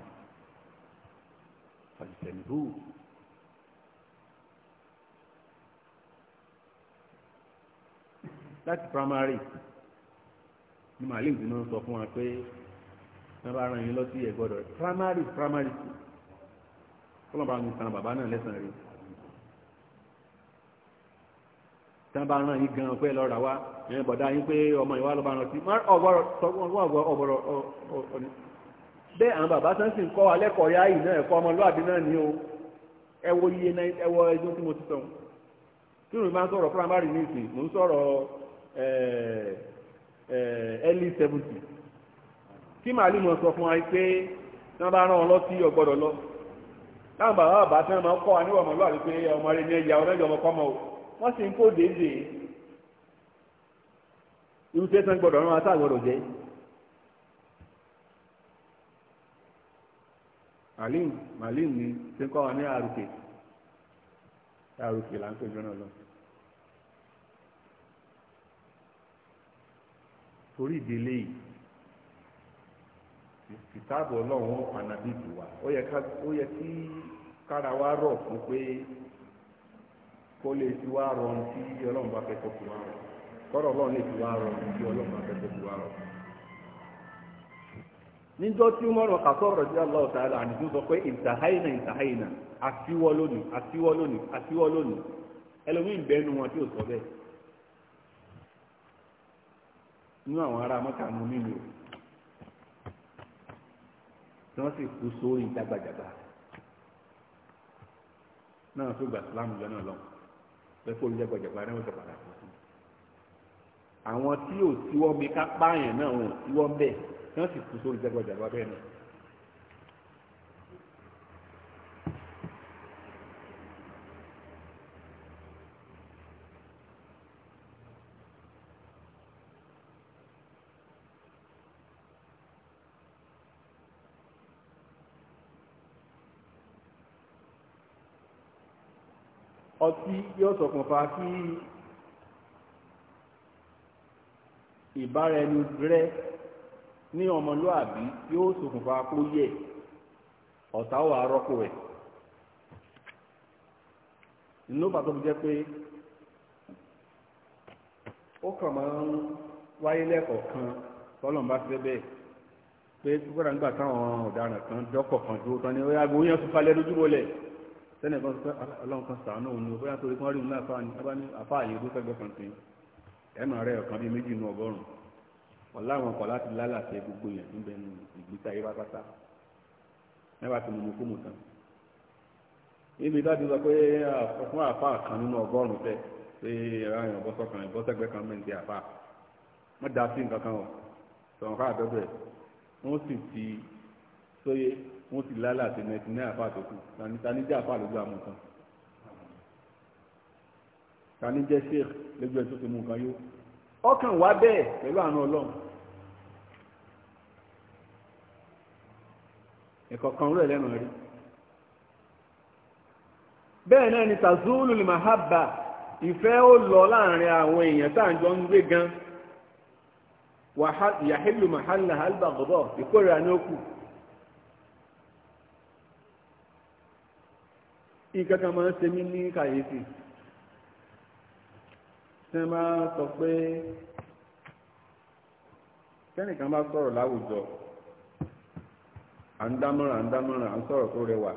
fàjìtẹ̀nìhù láti primary ní màálí ìdùnnú sọ fún wa pé wọ́n bá ran yín lọ sí ẹ̀gbọ́dọ̀ primary primary kọ́lọ́ bá ń san bàbá náà lẹ́sàn-án rí tí wọ́n bá ran yín gan pé lọ́ra wá ìyẹn bọ̀dá yín pé ọmọ ìwà ló bá ran sí ọgbọ́rọ̀ ọgbọ́rọ̀ bẹ́ẹ̀ àwọn bàbá tán sì ń kọ́ alẹ́kọ̀ọ́ yá yìí náà ẹ̀kọ́ ọmọlúwàbí náà ní o ẹ wo iye tí mo ti tí mo ń sọ̀rọ̀ primary mo ń sọ̀rọ̀ early seventy pé tí bá rán ọ lọ sí lọ táwọn bàbá bàbá máa ń kọ́ wa níwọ̀n ọmọlúwàbí pé ọmọ rẹ ní ẹ̀yà ọmọ kọ́mọ o wọ́n sì ń kó déédéé Malin, malin ni tí ń kọ́ wa ní àrùkè àrùkè là ń pè jọ́nà lọ. torí ìdílé yìí ìtààbọ̀ ọlọ́run ànàbìbì wa ó yẹ kí kára wa rọ̀ fún pé kó lè fi wá rọrùn tí ọlọ́run bá fẹ́ kó fi wá rọrùn kọ́rọ̀ ọlọ́run lè fi wá rọrùn tí ọlọ́run bá fẹ́ kó fi wá rọrùn níjọ́ tí Umar Khattab radiyallahu ta'ala anhu sọ pé ìtàháìnà ìtàháìnà àtiwọ́ lónìí àtiwọ́ lónìí àtiwọ́ lónìí ẹlòmíì ń bẹ́nu wọn tí ò sọ bẹ́ẹ̀ inú àwọn ará mọ́tà mú mímu tí wọ́n sì kú sórí ìdágbàjàgbà náà tó gbà sílámù jọ náà lọ lẹ́kọ̀ọ́ olùdẹ́gbàjàgbà náà wọ́n sọ padà àwọn tí ò tiwọ́ mi ká pààyàn náà wọn ò tiwọ́ bẹ́ẹ̀ yọ́n sì kú sórí jẹ́gbọ́jàgbọ́ bẹ́ẹ̀ ni. ọtí yóò ṣokùnfà kí ìbára ẹni rẹ̀ ní ọmọlúàbí yóò ṣokùnfà kó yẹ ọ̀tá wà rọ́pò ẹ̀ inú bàtó fi jẹ́ pé ó kàn máa ń wáyé lẹ́kọ̀ọ̀kan tọ́lọ̀ bá fẹ́ bẹ́ẹ̀ pé kúkúrà nígbà táwọn ọ̀daràn kan dọ́kọ̀ kan dúró tán ni ọ̀yà gbóyàn tún falẹ̀ lójúbọ̀lẹ̀ tẹ́lẹ̀ kan sọ ọlọ́run kan sàánú òun ni bóyá torí kan rí òun náà fáà afáàyè ló fẹ́ gbọ́kàn sí ẹ̀mọ̀ rẹ̀ ọ̀kan bíi méjì nù ọgọ́rùn-ún wọn láwọn ọkọ̀ láti lálàsẹ̀ gbogbo yẹn níbẹ̀ nù ìgbésí ayé pátápátá nígbà tí mo mú kó mú tán ibi dájú sọ pé fún àfa kan nínú ọgọ́rùn-ún tẹ pé ráyàn bọ́sọ̀kan ìbọ́sẹ̀gbẹ́ kan mẹ́ǹdé àfa wọ́n dá sí nǹkan kan ọ̀ sọ̀rọ̀ ká àbẹ́bẹ̀ wọ́n sì ti sóyè wọ́n sì lálàsẹ̀ náà ti ní àfa tó kù tani jẹ́ àfa lójú àmú kan tani jẹ́ sheikh lójú ẹ̀ tó ti mú nǹkan yó ọkàn wá bẹ́ẹ̀ pẹ̀lú àánú ọlọ́run ẹ̀kọ̀kan rẹ̀ lẹ́nu rí bẹ́ẹ̀ náà ni tazulu limahaba ìfẹ́ ó lọ láàrin àwọn èèyàn táàjọ ń gbé gan yàhílù mahalla albagdọ́ ìkórira ní òkú ìkankan máa ń ṣe mí ní kàyéfì tí máa sọ pé kẹ́nìkan bá sọ̀rọ̀ láwùjọ à ń dámọ̀ràn à ń dámọ̀ràn à ń sọ̀rọ̀ tó rẹwà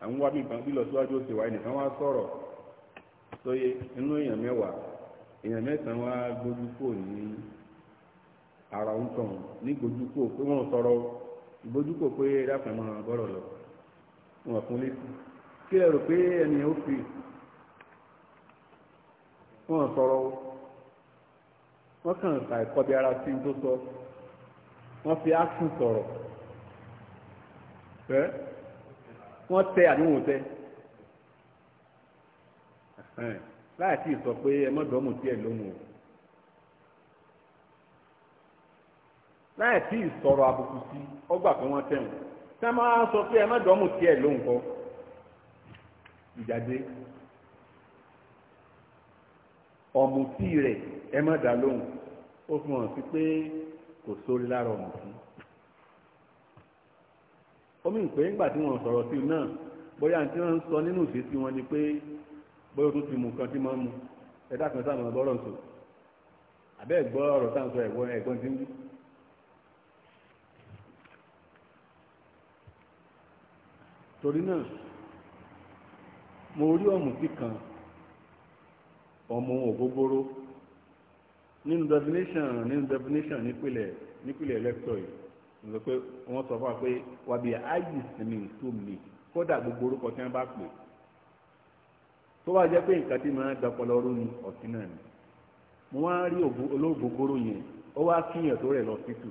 à ń wá bí nǹkan bí lọ síwájú òsè wa ẹnìkan wá sọ̀rọ̀ sóye inú èèyàn mẹ́wàá èèyàn mẹ́sàn-án wá gbójú kò ní ara ń tàn ní gbójú kò pé wọ́n sọ̀rọ̀ ìgbójú kò pé dápẹ́ mọ́ bọ́rọ̀ lọ wọn fún létí kí lẹ rò pé ẹni ó fi wọn sọ̀rọ̀ wọn kàn ṣàìkọbi ara sí tó sọ wọn fi ákùn sọ̀rọ̀. wọ́n tẹ àdéhùn tẹ láì tí sọ pé ẹ mọ́ dọ́mù ẹ lóhùn o láì tí sọ̀rọ̀ àbùkù sí ọgbà pé wọ́n tẹ̀wọ̀n tí máa sọ pé ẹ mọ́ dọ́mù ẹ lọ kọ́ ìjáde ọ̀mùtí rẹ̀ ẹ mọ́ lóhùn ó fi hàn sí pé kò sórí lára ọ̀mùtí. omi ìpè ńgbà tí wọ́n sọ̀rọ̀ sí náà bóyá tí wọ́n ń sọ nínú ìṣesí wọn ni pé bóyá o tún ti mú nǹkan tí máa ń mu ẹ̀dá kan sáà máa bọ́rọ̀ sọ àbẹ́ ẹ̀gbọ́ ọ̀rọ̀ sáà ń sọ ẹ̀gbọ́n ẹ̀gbọ́n ti ń wí. torí náà mo rí ọ̀mùtí kan ọmọ ògógóró nínú definition nínú definition nípìnlẹ̀ nípìnlẹ̀ lẹ́kítọ̀ yìí lọ pé wọ́n sọ fún wa pé wàbí ayé sinmi tó mi kódà gbogbo orúkọ tí wọ́n bá pè tó wá jẹ́ pé nǹkan tí mo máa dọpọlọ ọrú ni ọ̀sìn náà ni mo wá rí olóògbòkóró yẹn ó wá kíyàn tó rẹ̀ lọ sí tù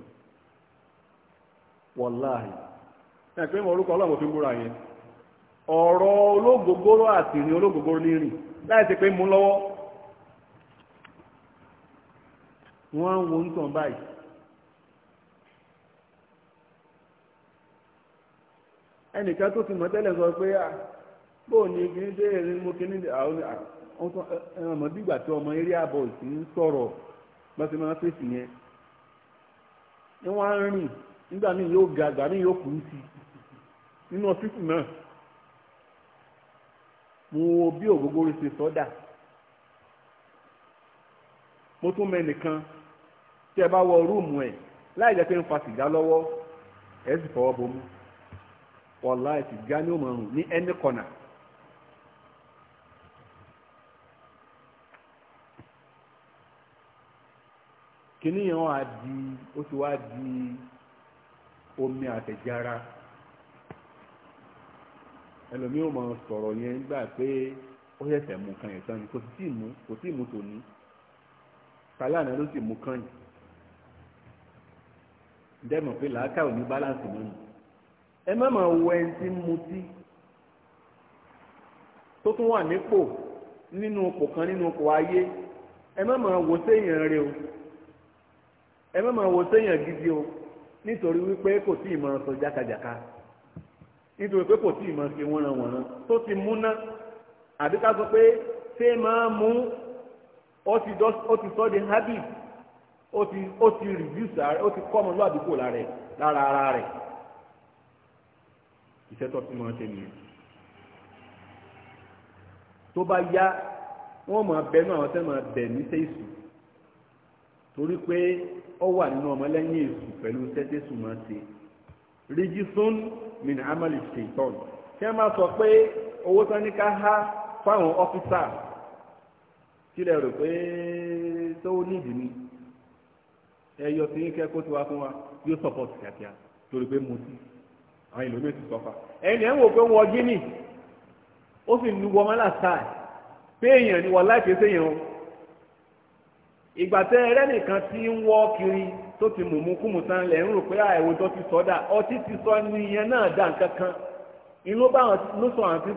wọláhì ẹ pé mo orúkọ ọlọ́run fi múra yẹn ọ̀rọ̀ olóògbòkóró àti ìrìn olóògbòkóró ní rìn láì ṣe pé mú lọ́wọ́ wọ́n á wo ń tàn báyìí ẹnìkan tó ti mọ̀ tẹ́lẹ̀ sọ pé à ah, bóò ni kì í dé erin mú kí ní àwọn ah, ọmọ bígbà tí ọmọ eré àbọ̀ sí ń sọ̀rọ̀ lọ́sí máa ń fèsì yẹn ni wọ́n á rìn nígbà míì yóò ga àgbà míì yóò kùn sí nínú ọ́fíìsì náà mo wo bí ògógó rẹ̀ ṣe sọ́dà mo tún mọ ẹnìkan tí ẹ bá wọ rúùmù ẹ̀ láì jẹ́ pé ń fa sìgá lọ́wọ́ ẹ̀ sì fọwọ́ bomú wàláì ti gá ní òmòrùn ní ẹni kọ̀nà kìíní yẹn wà di ó ti wá di omi àtẹ̀jára ẹlòmíì ò máa sọ̀rọ̀ yẹn nígbà pé ó ṣẹ̀ṣẹ̀ mú kan yẹn tán ni kò sì tí ì mú kò tí ì mú tòní tàlànà ló sì mú kan yìí dẹ́mọ̀ pé làákà ò ní báláǹsì mọ́nu. ẹ má máa wọ ẹni tí ń mutí tó tún kan nínú ipò ayé ẹ má máa wò séèyàn rẹ o ẹ má máa wò séèyàn gidi o nítorí wípé kò tí ì máa sọ jákàjàká nítorí pé kò tí ì máa tó ti múná àbí ká sọ pé ṣé máa mú ó ti sọ di habit ó ti reduce ó ti iṣẹ́ tó tún máa ṣe nìyẹn tó bá yá wọ́n máa bẹ náà wọ́n máa bẹ̀ níṣẹ́ èṣù torí pé wà nínú ọmọlẹ́yìn máa ṣe min amali shaitan kí wọ́n máa sọ pé owó tán ní ká há fáwọn ọ́fíìsà kílẹ̀ rò pé tó nídìí ni fún wa yóò sọ̀pọ̀ àwọn ìlú mi ti sọfà ẹni ẹ̀ ń wò pé wọ́n gíní ó sì èèyàn ni wọ́n láìpẹ́ séèyàn o ìgbà tẹ ẹrẹ́ nìkan ti ń wọ́ kiri tó ti mùmú kùmù tán lẹ̀ ń rò pé àìwò tó ti sọ́dà ọtí ti sọ ní ìyẹn náà dà nǹkan inú bá wọn ló sọ àwọn ni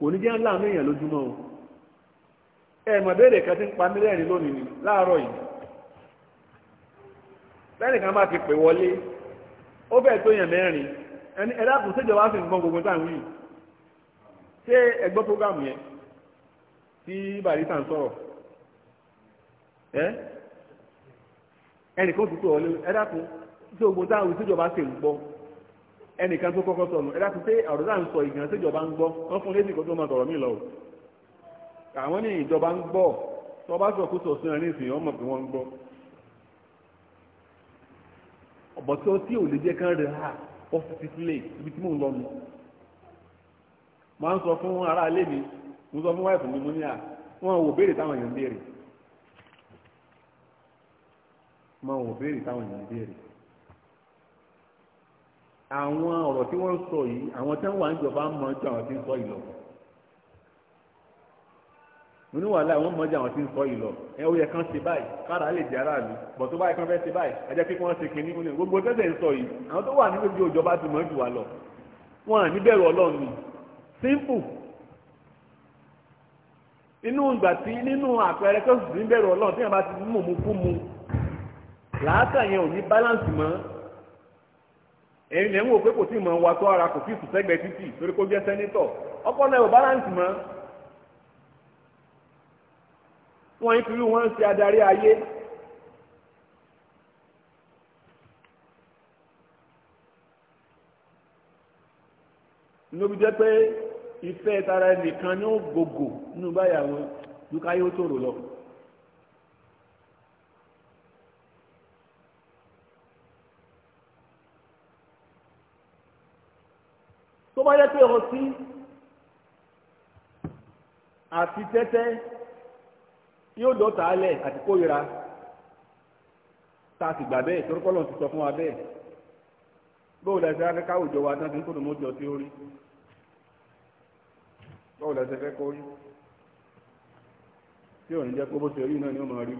kò ní jẹ́ ńlá èèyàn ẹ̀mọ̀ bẹ́ẹ̀rẹ̀ kan ti ń pa mílẹ̀rin lónìí ni láàárọ̀ yìí lẹ́nì kan bá ti pè wọlé ó bẹ̀ẹ̀ tó yàn mẹ́rin ẹni ẹ̀dàkùn síjọba sì ń gbọ́n gbogbo táwọn yìí ṣé ẹgbọ́ prógámù yẹn tí barista ń sọ̀rọ̀ ẹnì kan tó tó wọlé ẹ̀dàkùn tí gbogbo táwọn síjọba sì ń gbọ́ ẹnì kan tó kọ́kọ́ sọnù ẹ̀dàkùn tí àròdà ń sọ ìgbìyànjú síjọba ń gbọ́ àwọn ní ìjọba ń gbọ́ tó bá sọ kó sọ sí ẹni ìsìn ọmọ pé wọ́n ń gbọ́ ọ̀bọ̀ tí ó tí ò lè jẹ́ kán rẹ̀ ha ah, positively ibi tí mò ń lọ nù máa ń sọ fún ará ilé mi mo sọ fún wáìfù mi mo ní à ah, wọn ò béèrè táwọn èèyàn béèrè wọn ò béèrè táwọn èèyàn béèrè àwọn ọ̀rọ̀ tí wọ́n ń sọ yìí àwọn tí wọ́n wà ń jọba ń mọ ju àwọn tí ń sọ yìí lọ mo ní wàhálà wọn mọ̀jà àwọn tí ń sọ yìí lọ ẹ ó yẹ kán ṣe báyìí kára lè jẹ aráàlú bọ̀ tó báyìí kán fẹ́ ṣe báyìí ẹ jẹ́ pé kí wọ́n ṣe kinní fún mi gbogbo tẹ́sẹ̀ ń sọ yìí àwọn tó wà níbi bí òjọba ti mọ̀ jù wá lọ wọn à ní bẹ̀rù ọlọ́run ni simple inú ìgbà tí nínú àpẹẹrẹ tó sì ní bẹ̀rù ọlọ́run tí wọn bá ti mú mu kú mu làákà yẹn ò ní balance mọ́ ẹ̀yin lẹ́ ń wò pé kò tí ì mọ̀ wa tó ara kò tí ì wọ́n ń fiwú wọ́n ń ṣe adarí ayé. lóbi jẹ́ pé ìfẹ́ tara ẹnìkan ní ó gbogbo nínú báyàwó dúkáyé ó tòrò lọ. tó bá yẹ pé ọtí àti tẹ́tẹ́ yóò dọ̀tá alẹ̀ àti kórira tá a sì gbà bẹ́ẹ̀ torí kọ́lọ̀ ti sọ fún wa bẹ́ẹ̀ bóò lẹ fẹ́ akẹ́kọ̀ọ́ àwùjọ wa tán ti ń kó lòmó jọ sí orí bóò lẹ fẹ́ kó rí tí ò ní jẹ́ pé bó ṣe rí náà ni ó máa rí.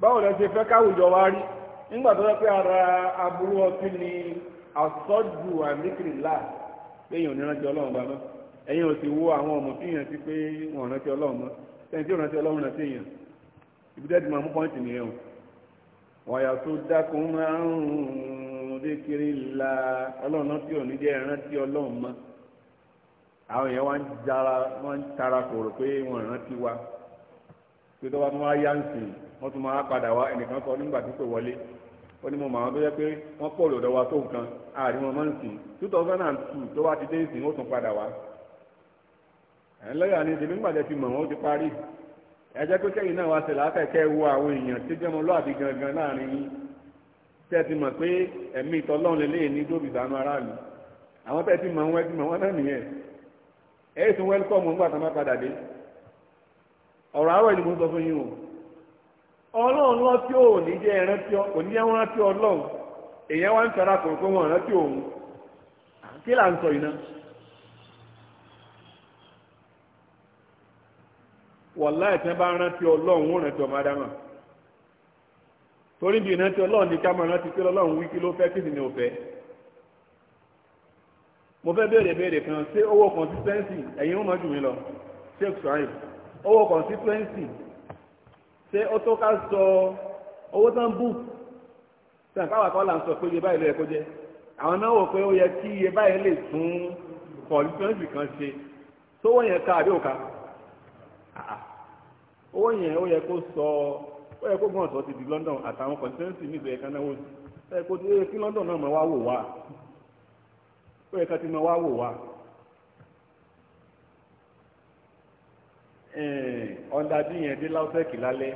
báwo lẹ ṣe fẹ́ káwùjọ wa rí nígbà tó yẹ pé ara aburú ọtí ni àsọ́jù àmì kìrìlá òní rántí ọlọ́run gbàgbọ́. ẹ̀yin ò sì wo àwọn ọmọ tí si pe pé wọn rántí ọlọ́run mọ́ sẹ́yìn tí ò rántí ọlọ́run rántí èèyàn ibi máa mú pọ́ǹtì nìyẹn o wàyà tó dákun máa ń dé kiri la ọlọ́run náà tí ò ní jẹ́ rántí ọlọ́run mọ́ àwọn èèyàn wá ń jara wọ́n ń tara kòrò pé wọn wa pé tó bá yá ń padà wá ẹnìkan sọ nígbà wọlé ní mo àwọn tó yẹ pé wọ́n wa tó nǹkan àárín wọn a lọ́yà ni tèmi gbàdẹ ti mọ̀ wọ́n ti parí ẹ pé kẹ́yìn náà wá sí wo àwọn èèyàn tí jẹ́ gangan láàrin yín tẹ́ ẹ ti mọ̀ pé ẹ̀mí ìtọ́lọ́run lè léè ní dóbi ìdáná aráàlú àwọn tẹ́ ti mọ̀ wọn ti mọ̀ wọn náà nìyẹn ẹ wẹ́lkọ́mù ńgbà má padà dé ọ̀rọ̀ àárọ̀ wàláì tí wọ́n bá rántí ọlọ́run wọ́n rántí ọmọ adama torí bí ìrántí ọlọ́run ní ká máa rántí pé ọlọ́run wí kí ló fẹ́ kí sì ni ò fẹ́ mo fẹ́ béèrè béèrè kan ṣé owó consistency ẹ̀yin ó mọ̀ jù mí lọ sheikh sahib owó consistency ṣé ó tó ká sọ owó tán bù sàn káwà kọ́ là ń sọ pé iye báyìí ló yẹ kó jẹ́ àwọn náà wò pé ó yẹ kí iye báyìí lè tún consistency kan ṣe sówó yẹn ká àbí òka owó yẹn ó yẹ kó sọ ó yẹ kó gbọ́n sọ ti di London àtàwọn constituency ní ìbẹ̀rẹ̀ kan náà wò sí ó yẹ kó ti kí London náà máa wá wò wá ó yẹ ká ti máa wá wò wá. ọ̀ndàdí yẹn dé láwùsẹ̀kì lálẹ́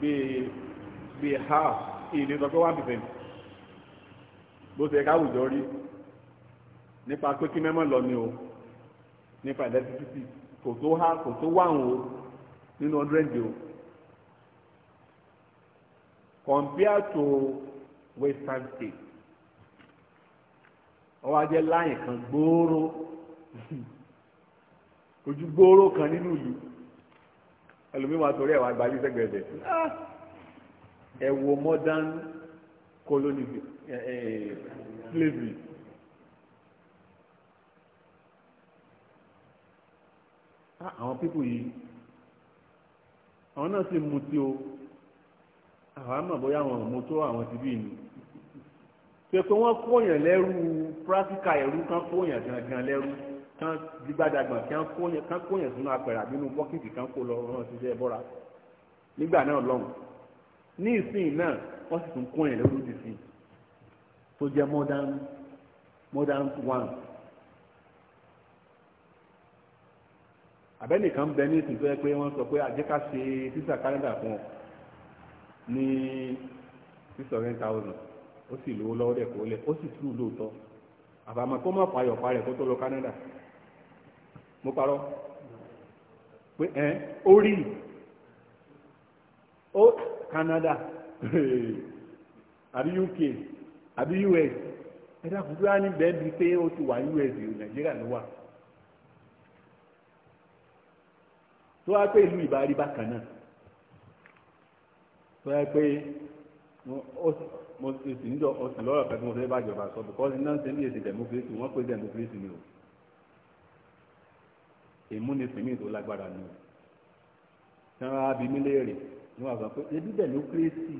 bíi bíi half ìlú sọ pé one percent bó ṣe káwùjọ rí nípa pé kí mẹ́mọ́ lọ ni o nípa electricity kò tó há kò tó wà ń o nínú ọ̀dúrẹ́ǹdì o compare to western state ọwọ́ ajẹ́ láyìn kan gbòòrò ojú gbòòrò kan nínú ìlú ẹlòmíín wa torí ẹ̀wà àgbáyé sẹ́gbẹ̀ẹ́dẹ̀ ah! ẹ wo modern colony eh, eh, slavery. Ah, àwọn pípò yìí àwọn náà sì mutí o àwọn àmọ̀ bóyá àwọn ọmọ tó àwọn ti bí ni pé pé wọ́n kóyàn lẹ́rú pírátíkà ẹ̀rú kan kóyàn gangan lẹ́rú kan gbígbádàgbà kan kóyàn sínú apẹ̀rẹ̀ àbínú bọ́kìtì kan kó lọ rán ṣiṣẹ́ ẹ̀bọ́ra nígbà náà lọ́hùn ní ìsìn náà wọ́n sì tún kóyàn lẹ́rú ti sí tó jẹ́ modern modern one àbẹ́nìkan bẹ ní ìsìn tó yẹ pé wọ́n sọ pé àjẹ́ká ṣe sísà kálẹ́ndà fún ọ ní six hundred thousand ó sì lówó lọ́wọ́ dẹ̀ kó lẹ̀ ó sì túrú lóòótọ́ àbàmọ̀ kó má payọ̀ parẹ̀ kó tó lọ Canada mo parọ́ pé ẹ̀ ó rí ó Canada àbí UK àbí US ẹ̀dá kúkúrú á ní bẹ́ẹ̀ bíi pé ó ti wà US Nàìjíríà ló wà. tó wá pé ìlú ìbárí bákan náà tó wá pé mo sì níjọ ọ̀sìn lọ́rọ̀ pẹ̀lú mo fẹ́ bàjọba sọ bìkọ́sì náà ṣe ń lè ṣe democracy wọ́n pè democracy ni o ìmúnisìnmí tó lágbára ni o tí wọ́n á bí mí léèrè ni wọ́n sọ pé ebi democracy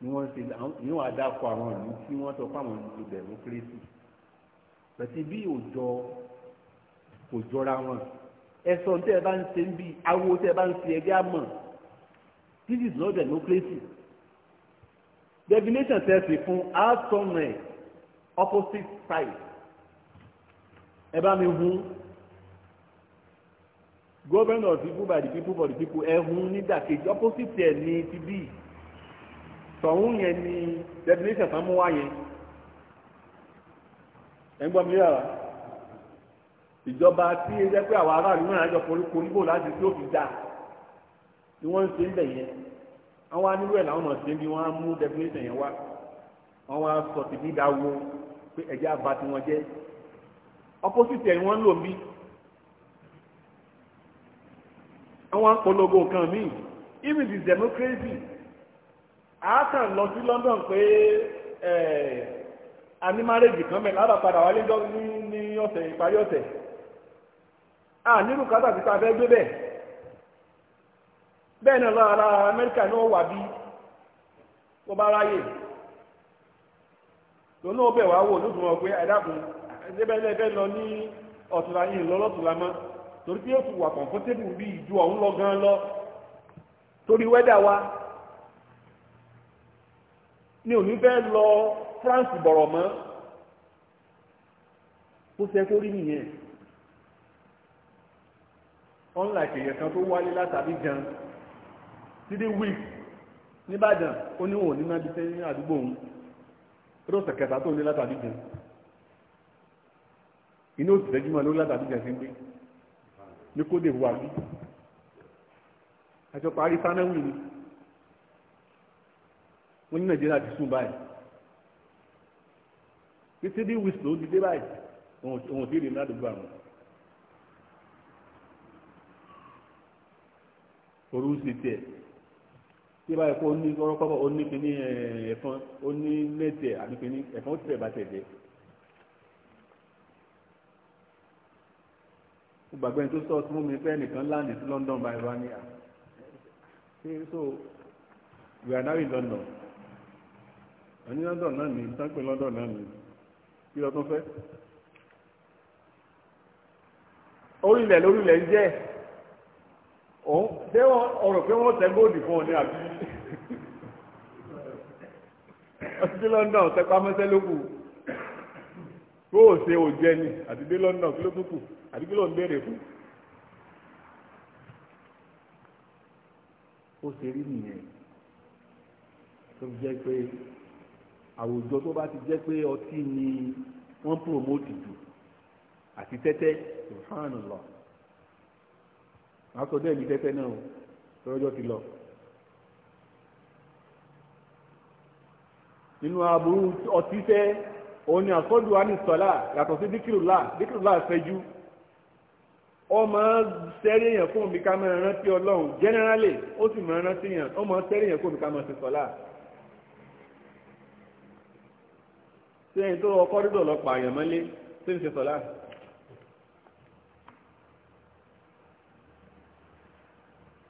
ni wọ́n ṣe ni wọ́n adáko àwọn ìlú tí wọ́n sọ pé àwọn ìlú democracy pẹ̀sì bí òjò kò jọra wọn ẹ̀sọ́ tẹ́ ẹ bá ń ṣe ń bí awo tẹ́ ẹ bá ń ṣe ẹgbẹ́ àmọ́ this is not democracy definition tẹ́ ẹ fi fún asọ́nà opposite side ẹ bá mi hun government of the people by the people for the people ẹ hun nígbàkejì opposite ẹ̀ ní ti bí tọ̀hún yẹn ni definition tán mú wá yẹn ẹ̀ ń gbọ́ mi yàrá ìjọba tí ẹ jẹ́ pé àwọn aráàlú náà jọ koríko níbò láti tí ó fi dáa ni wọ́n ń ṣe ń bẹ̀ yẹn àwọn anírú ẹ̀ làwọn máa ṣe ń bí wọ́n á mú definition yẹn wá wọ́n wá sọ ti bí dáa wo pé ẹ̀jẹ̀ àbá tí wọ́n jẹ́ opposite ẹ̀ wọ́n lò ń bí àwọn apolongo kan míì even the democracy àákàn lọ sí London pé eh, a ní kan mẹ́ lára padà wálé ní ọ̀sẹ̀ ìparí ọ̀sẹ̀ a nínú kátà ti ta fẹ́ gbé bẹ́ẹ̀ bẹ́ẹ̀ náà lára amẹ́ríkà náà wà bí tó bá ráyè tó náà bẹ̀ wá wò lóṣù wọn pé àdàkùn ẹgbẹ́lẹ́gbẹ́ lọ ní ọ̀tùlá yìí lọ́lọ́tùlá mọ́ torí pé èkó wà kọ̀ǹfọ́tébù bí ìjọ ọ̀hún lọ gan lọ torí wẹ́dà wa ni òní fẹ́ lọ France bọ̀rọ̀ mọ́ tó ṣe nìyẹn unlike èyàn kan tó wálé látàbí gan títí week níbàdàn ó níwọ̀n nínú abisẹ́ ní àdúgbò òun rọ́ọ̀sẹ̀ kẹta tó ní látàbí gan inú òsì tẹ́júmọ́ ló látàbí gan sí ń gbé ní kó dè wà bí àjọ parí sánáwì ni wọ́n ní nàìjíríà ti sùn báyìí títí dí wíṣọ ó ti dé báyìí òun ò tí ì rí ní àdúgbò àwọn orú sí tiẹ̀ tí bá yẹ kó ní kọ́rọ́kọ́bọ̀ ó ní kíní ẹ̀fọn àbí kíní ẹ̀fọn ó tẹ̀ bá tẹ̀ jẹ́ gbàgbé tó sọ fún mi pé ẹnìkan láàánì sí London by vania so we are now in London ẹni London náà ní sáńpé London náà ní kí lọ tó fẹ́ orílẹ̀ lórílẹ̀ ń jẹ́ òun ṣé ọ̀rọ̀ pé wọ́n tẹ góòdì fún ọ ní àbí ọtí London ọ̀tẹ́ pamẹ́sẹ́ ló kù kó o ṣe òjẹ ni àti dé London kí ló tún kù àti kí ló ń béèrè fún. ó ṣe rí nìyẹn tó fi jẹ́ pé àwùjọ tó bá ti jẹ́ pé ọtí ni wọ́n promote jù àti tẹ́tẹ́ subhanallah màá sọ bẹ́ẹ̀ mi tẹ́tẹ́ náà o lọ́jọ́ ti lọ. nínú aburú ọtí tẹ́ òun ni àsọ́dù anisọ́lá yàtọ̀ sí díkìrùlá díkìrùlá fẹ́jú ọmọ sẹ́rí èèyàn fún omi ká máa rántí ọlọ́run generally ó sì máa rántí èèyàn ọmọ sẹ́rí èèyàn fún omi ká máa ṣe sọ́lá sẹ́yìn tó ọkọ́ dídọ̀ lọ pààyàn mọ́lé tó ń ṣe sọ́lá.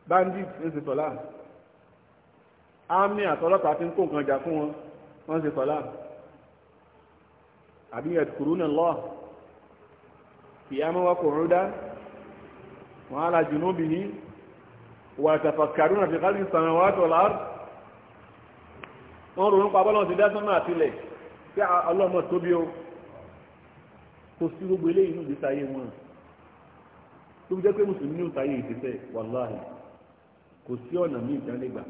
bandit ń ṣe sọ́lá army àtọ́lọ́pàá ti ń kó nǹkan jà fún wọn wọ́n ṣe sọ́lá àbí yadkuruna Allah qiyaman wa qu'udan wa ala junubihim wa yatafakkaruna fi khalqis samawati wal ard wọ́n ronú pa bọ́lọ́ ti dá sánmà àtilẹ̀ tí ọlọ́mọ tóbi o kò sí gbogbo eléyìí ní ìgbésí wọn tó jẹ́ pé mùsùlùmí ní ìtayé ìgbésẹ̀ wàláhìí kò sí ọ̀nà míì ìdálégbà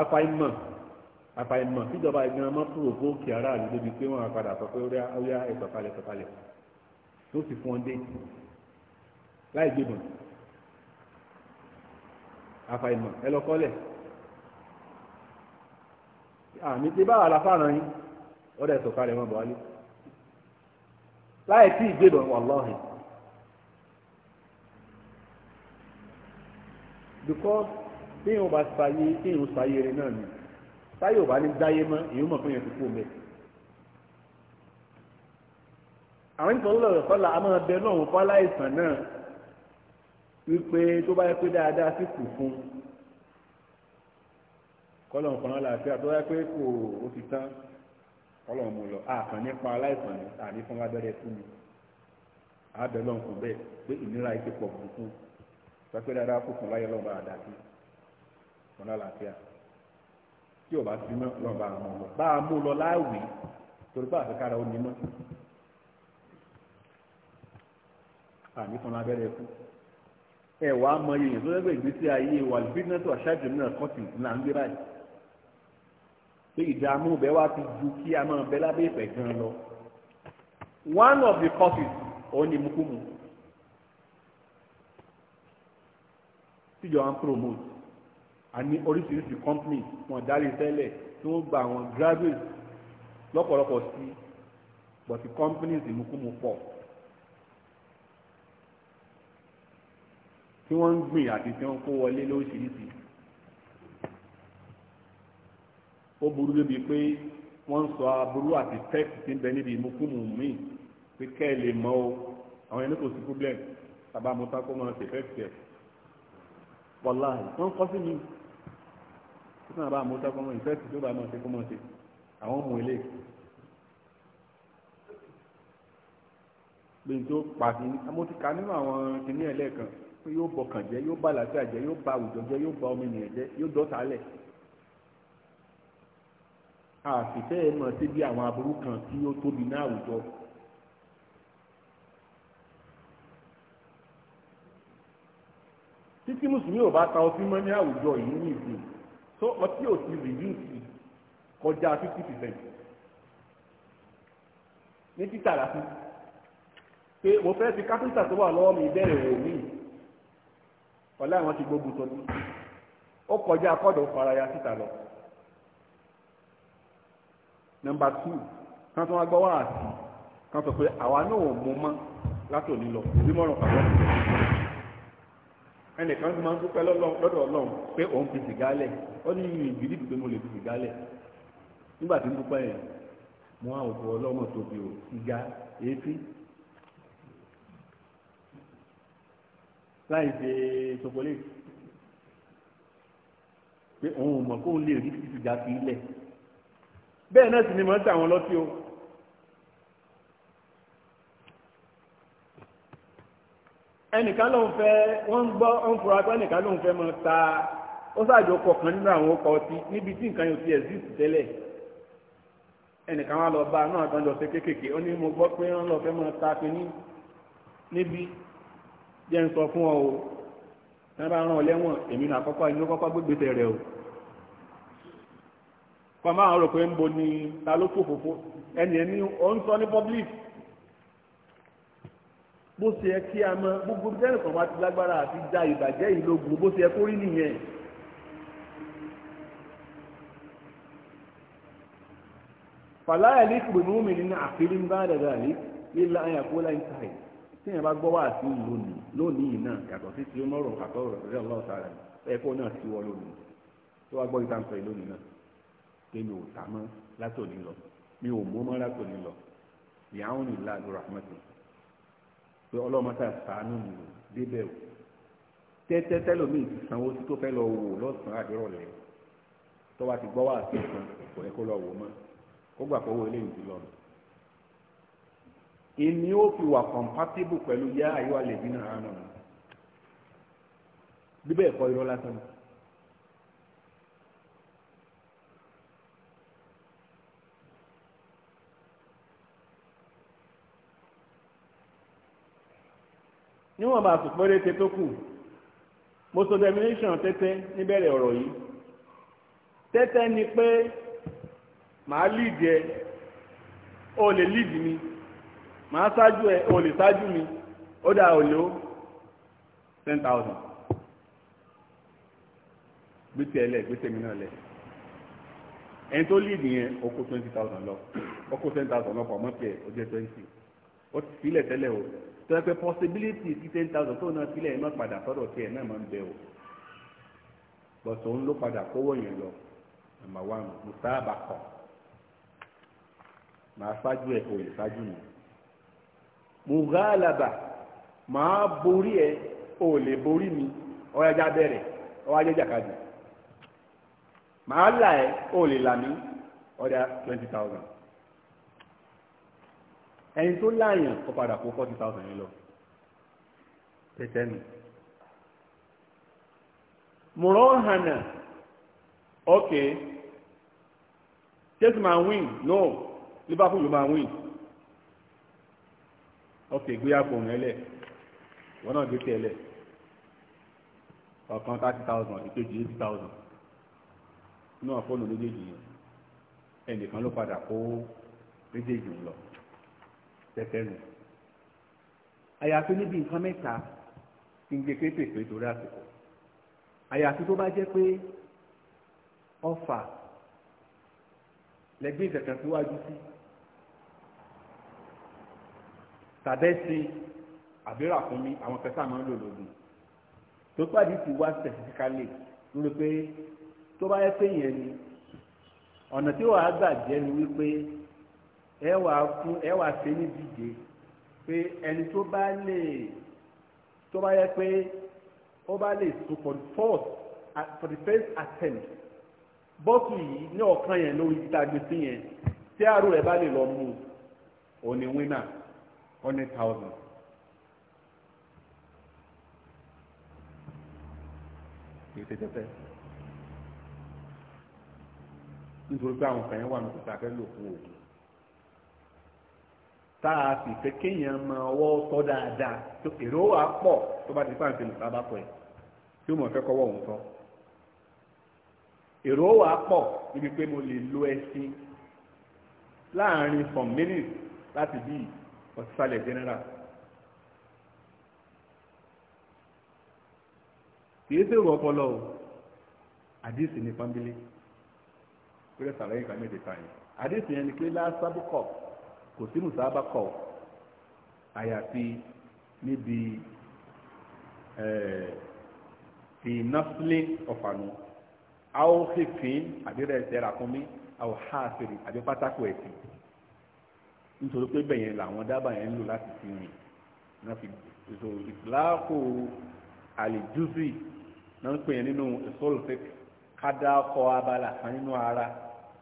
afaimọ̀ afaimọ̀ tíjọba ìgbìmọ̀ máa púròfó kí ara rẹ̀ débi pé wọ́n á padà sọ pé ó yá ẹ̀sọ̀kalẹ̀ ẹ̀sọ̀kalẹ̀ tó sì fún ọ dé láì gbébọn àfàìmọ̀ ẹlọ́kọ́lẹ̀ àmì tí báwà la fáàràn yín ọ̀rẹ́ ẹ̀sọ̀kalẹ̀ wọn bọ̀ wálé láì tí ìgbébọn wà lọ́hìn because téèyàn bá sáyé téèyàn sáyé rẹ náà ni sáyé ò bá ní dáyé mọ́ èyí mọ̀ fún yẹn ti kú mẹ́. àwọn ìtọ́jú lọ́rọ̀ kọ́lá a máa bẹ lọ́run fún aláìsàn náà wípé tó bá yẹ pé dáadáa sì kù fún kọ́lọ̀n kan láàfin tó bá yẹ pé kò ó ti tán kọ́lọ̀n mú lọ àkàn nípa aláìsàn ní àní fún abẹ́rẹ́ fún mi àbẹ̀lọ́run kò bẹ́ẹ̀ pé ìnira ìṣepọ̀ kù fún un pẹ́pẹ́ dáadáa kó fún láyé lọ́ba àdáṣe wọn lálàáfíà tí ò bá sí mọ́ lọ́ba àmọ́ lọ bá a mú lọ láàwì torí bá àfikára ó ní mọ́ àní fún abẹ́rẹ́ kú ẹ wàá mọ iye yẹn tó lẹ́gbẹ̀ẹ́ ìgbésí ayé wà lùfínẹ́tò àṣàjù náà kọ́tì là ń gbé báyìí pé ìdààmú bẹ́ẹ̀ wá ti ju kí a máa bẹ lábẹ́ ìfẹ́ gan lọ one of the causes òun ni mukumu. tíjọ à ń promote a ní oríṣiríṣi company wọn dárí tẹ́lẹ̀ tí wọ́n gba àwọn graduates lọ́pọ̀lọpọ̀ sí but the companies ìmúkúmu pọ̀ tí wọ́n ń gbìn àti tí wọ́n kó wọlé lóríṣiríṣi ó burú débi pé wọ́n ń sọ aburú àti tech tí ń bẹ níbi ìmúkúmu míì pé kẹ́ ẹ lè mọ̀ o àwọn ẹni kò sí problem tàbá mọ́tàkó máa ṣe fẹ́ fẹ́ wàláhì wọ́n kọ́ sí mi tí wọ́n bá mọ́tò kọ́mọ ìfẹ́ẹ̀tì tó bá mọ̀ sí kọ́mọ sí àwọn ohun èlé gbèyìn tó pàṣẹ mo ti kà nínú àwọn kìnní ẹ̀ lẹ́ẹ̀kan pé yóò bọkàn jẹ́ yóò bá àlàáfíà jẹ́ yóò bá àwùjọ jẹ́ yóò bá ọmọ ènìyàn jẹ́ yóò dọ́ta lẹ̀ àfìfẹ́ ẹ̀ mọ̀ síbi àwọn aburú kan tí ó tóbi ní àwùjọ títí mùsùlùmí ò bá ta ọtí mọ́ ní àwùjọ yìí ní ìsìn tó ọtí ò ti rìdíùsì kọjá fifty percent ní títà láti pé mo fẹ́ fi kápẹ́ńtà tó wà lọ́wọ́ mi bẹ̀rẹ̀ rẹ̀ òní ọ̀la àwọn ti gbógun tó ní ó kọjá akọ́dọ̀ faraya títà lọ. nọmba tù kan tó wá gbọ́ wá àti kan sọ pé àwa náà mú mọ́ látòní lọ ìbímọ̀ràn pàtó ẹnìkan tó máa ń dúpẹ́ lọ́dọ̀ ọlọ́run pé òun fi sìgá lẹ̀ ó ní ìrìn ìbílí pé mo lè fi sìgá lẹ̀ nígbà tí ń dúpẹ́ yẹn mo á òkú ọlọ́run tóbi ò sìgá èéfì láì ṣe chocolate pé òun ò mọ̀ kóun lè rí sìgá fi lẹ̀ bẹ́ẹ̀ náà sì ni mo ń tà wọn lọ́tí o. ẹnìkan ló ń fẹ́ wọ́n ń gbọ́ ó ń fura pé ẹnìkan ló ń fẹ́ máa ta ó ṣàjọ kọ̀ọ̀kan nínú àwọn ọkọ̀ ọtí níbi tí nǹkan yóò ti exist tẹ́lẹ̀ ẹnìkan wá lọ bá náà àtọ́jọ ṣe kéékèèké ó ní mo gbọ́ pé wọ́n lọ fẹ́ máa ta kínní níbi jẹ́ ń sọ fún ọ o náà bá rán ọ lẹ́wọ̀n èmi náà kọ́kọ́ inú kọ́kọ́ gbégbèsè rẹ o kọ́ máa rò pé ń bo ni ta ló kó fòfó ẹnì ẹni ó ń sọ ní public bó ṣe yẹ kí a mọ gbogbo tẹ́lẹ̀ kan wá ti lágbára àti da ìbàjẹ́ yìí lógun bó ṣe yẹ kó rí nìyẹn. fàlàyé ní pè mú mi nínú àfihàn bá dàda rí ilé ayé àkólá ń tàyè tí yẹn bá gbọ́ wá sí lónìí lónìí yìí náà yàtọ̀ sí ti ọmọ ọ̀rọ̀ àtọ̀ ọ̀rọ̀ rẹ̀ ọlọ́ọ̀ta rẹ̀ ẹ̀kọ́ náà ti wọ lónìí tó wá gbọ́ ìta ń sọ yìí lónìí náà kémi ò tà mọ́ látòní lọ mi ò mú mọ́ látòní lọ ìyá òun ní ìlà pé ọlọ́mọta sàánù mi débẹ̀ o tẹ́tẹ́ tẹ́lómi ti sanwó tí tó fẹ́ lọ wò lọ́sàn-án àdérọ̀lẹ́ tọ́wọ́ àti gbọ́wọ́ àti ìkan kò yẹ kó lọ wò mọ́ kó gbà pọ̀wọ́ eléyìí ti lọ́nà. ìní ó fi wà compatible pẹ̀lú yá àyíwá lè dín náà hàn náà bíbẹ̀ ẹ̀kọ́ irọ́ lásán ni. níwọ̀n bá sùn péréte tó kù mo sọ definition tẹ́tẹ́ níbẹ̀rẹ̀ ọ̀rọ̀ yìí tẹ́tẹ́ ni pé màá lead ẹ o lè lead mi màá ṣáájú ẹ o lè ṣáájú mi ó dà ò lò ten thousand gbèsè ẹlẹ gbèsè mi náà lẹ ẹni tó lead yẹn ó kó twenty thousand lọ ó kó ten thousand lọ pọ̀ mọ́ tiẹ̀ ó jẹ́ twenty ó ti sílẹ̀ tẹ́lẹ̀ o tọ́ pé possibility ti ten thousand tó náà sílẹ̀ náà padà sọ́dọ̀ tiẹ̀ náà máa ń bẹ o bọ̀tò ń ló padà kówó yẹn lọ nàmbà wán mùsáàbà kọ̀ màá ṣáájú ẹ̀ kò lè ṣáájú mi mùgáàlàbà màá borí ẹ̀ ò lè borí mi ọ̀yájà bẹ̀rẹ̀ ọ̀yájà jàkadì màá là ẹ̀ ò lè là mí ọ̀dà twenty thousand ẹni tó láàyàn kó padà kó forty thousand yẹn lọ tẹ̀tẹ̀ nù. mùrọ̀ hànà okay Chelsea máa win no Liverpool ló máa win okay gbéyàpò òun ẹlẹ̀ wọn náà gbé tẹ̀ ẹlẹ̀ ọ̀kan thirty thousand ìkejì eighty thousand inú àfọ́nù méjèèjì yẹn ẹnìkan ló padà kó méjèèjì lọ tẹ́tẹ́ nù àyàfi níbi nǹkan mẹ́ta kí n gbé pépèpé torí àsìkò àyàfi tó bá jẹ́ pé ọfà lẹ́gbẹ́ ìtẹ̀tẹ̀ síwájú sí tàbẹ́sìn àbẹ́rà fún mi àwọn kẹta máa ń lò lòdùn tó pàdé ti wá specifically lórí pé tó bá yẹ pé yẹn ni ọ̀nà tí wàá gbà jẹ́ ni wípé ẹ wà fún ẹ wà ṣe ní díje pé ẹni tó bá lè tó bá yẹ pé ó bá lè so for the first for the first attempt bọ́ọ̀tù yìí ní ọ̀kan yẹn lórí títa gbèsè yẹn tí àrò rẹ̀ bá lè lọ mú òun ni winner hundred thousand. nítorí pé àwọn kan yẹn wà ní kòtà fẹ́ lò fún òògùn tá a sì fẹ́ kéèyàn máa ọwọ́ tọ́ dáadáa tó èrò wà pọ̀ tó bá ti pàǹtí mùsàlá pọ̀ ẹ̀ tí ó mọ̀ fẹ́ kọ́wọ́ òun tọ́ èrò wà pọ̀ níbi pé mo lè lo ẹṣin láàrin some minutes láti bí ọ̀sálẹ̀ general kìí sí ìrù ọpọlọ o àdìsí ní pọ́nbílé pé sàlàyé ìgbà mẹ́tẹ̀ẹ̀ta yẹn àdìsí yẹn ni pé lásàbùkọ̀ kò sí mùsàbàkọ àyàfi níbi ìnáfílẹ̀ ọ̀fànù àwòfífín àbírẹ̀ ìṣẹ́ra fún mi àwòháàfẹ̀rẹ̀ àbí pátákó ẹ̀sìn nítorí pé bẹ̀yẹn làwọn dábàá yẹn ń lò láti fi rìn náà fi ètò ìfìlàkò àlèjúzì náà ń pè é nínú ìsọlùfẹ́ kádàkọ abala kan nínú ara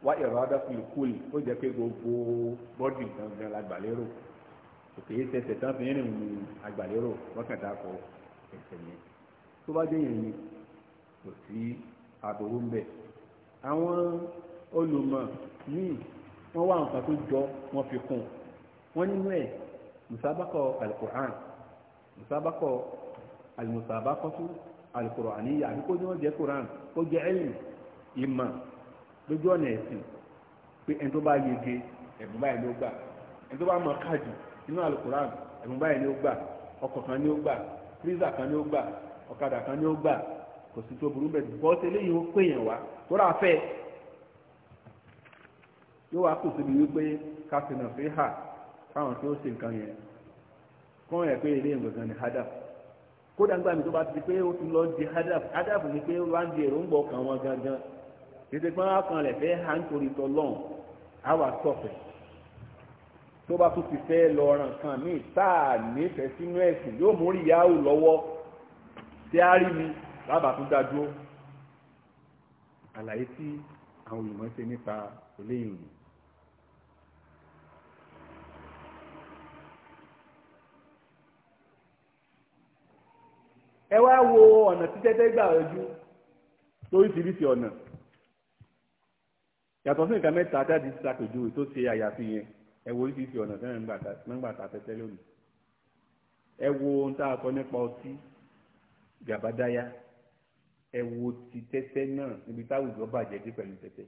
wá ìrọ̀ adákùnlé kúlì ó jẹ́ pé gbogbo bọ́dì gangan lágbàlérò òkè ẹsẹ̀ tán fi rìn ní agbàlérò lọ́kàndá kọ ẹsẹ̀ yẹn tó bá dé yẹn ni kò sí àbòrò ń bẹ àwọn olùmọ̀ míì wọ́n wá nǹkan tó jọ wọ́n fi kún wọ́n nínú ẹ̀ musabakọ alukur'an musabakọ alimusabakọtu alukur'an yìí àbíkó ni wọ́n jẹ́ kur'an ó jẹ́ ẹ̀yìn ìmọ̀ lójú ọ̀nà ẹ̀sìn pé ẹni tó bá yege ẹ̀bùn báyìí ló gbà ẹni tó bá mọ káàdì nínú ẹ̀bùn kan ni ó gbà kan ni ó gbà ọ̀kadà kan ni ó gbà kò sí tó burú bẹ́ẹ̀ bọ́ọ̀tì eléyìí ó pè wá fẹ́ yóò wá síbi wípé fi hà tó ṣe nǹkan yẹn kọ́ ẹ̀ pé ilé ni kódà ńgbà mi tó bá di ni pé di èròǹgbọ̀ kan wọn tètè pé wọn kàn lẹ fẹ́ hà nítorí tọlọ́n á wà sọ̀fẹ̀ tó bá tún ti fẹ́ lọ ọ̀ràn kan míì tá a nífẹ̀ẹ́ sínú ẹ̀sìn yóò mú rí yahoo lọ́wọ́ tí a rí mi lábàá tún dá dúró àlàyé tí àwọn olùmọ̀ ṣe nípa eléyìí ẹ wá wo ọ̀nà tí gbà ọjú tó ọ̀nà yàtọ̀ sí nǹkan mẹ́ta jáde ti ṣàpèjúwe tó ṣe àyàfi yẹn ẹ wo oríṣiríṣi ọ̀nà tẹ́lẹ̀ nígbà tá a fẹ́ tẹ́lẹ̀ òní ẹ wo ohun tá a sọ nípa ọtí gàbádáyà ẹ wo ti tẹ́tẹ́ náà níbi táwùjọ bàjẹ́ dé pẹ̀lú tẹ́tẹ́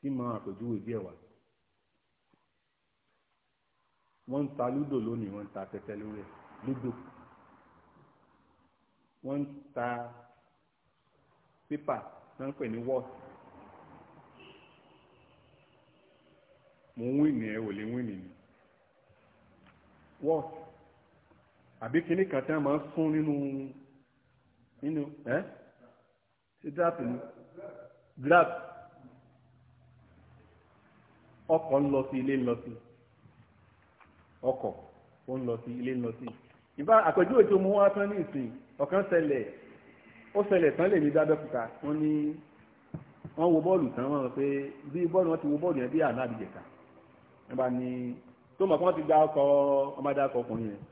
tí mo àpèjúwe díẹ̀ wá wọ́n ń ta lúdò lónìí wọ́n ń ta tẹ́tẹ́ lórí ẹ̀ lúdò wọ́n ń ta pépà náà ń pè ní wọ́ọ̀t mo ń wìnì ẹ ò lè wìnì ni wọ́ọ̀t àbí kíní kan tí wọ́n máa ń fún nínú nínú ẹ́ ṣé draft ni draft ọkọ̀ ń lọ sí ilé ń lọ sí ọkọ̀ ó ń lọ sí ilé ń lọ sí ìbá àpèjúwe tó mú wá tán ní ìsìn ọ̀kan ṣẹlẹ̀ ó ṣẹlẹ̀ tán lè ní dábẹ́kúta wọ́n ní wọ́n wo bọ́ọ̀lù tán wọ́n pé bí bọ́ọ̀lù wọn ti wo bọ́ọ̀lù yẹn bí àná àbíjẹ̀ka wọ́n bá ní tó mọ̀ kí wọ́n ti gba ọkọ̀ ọmọdé akọ ọkùnrin yẹn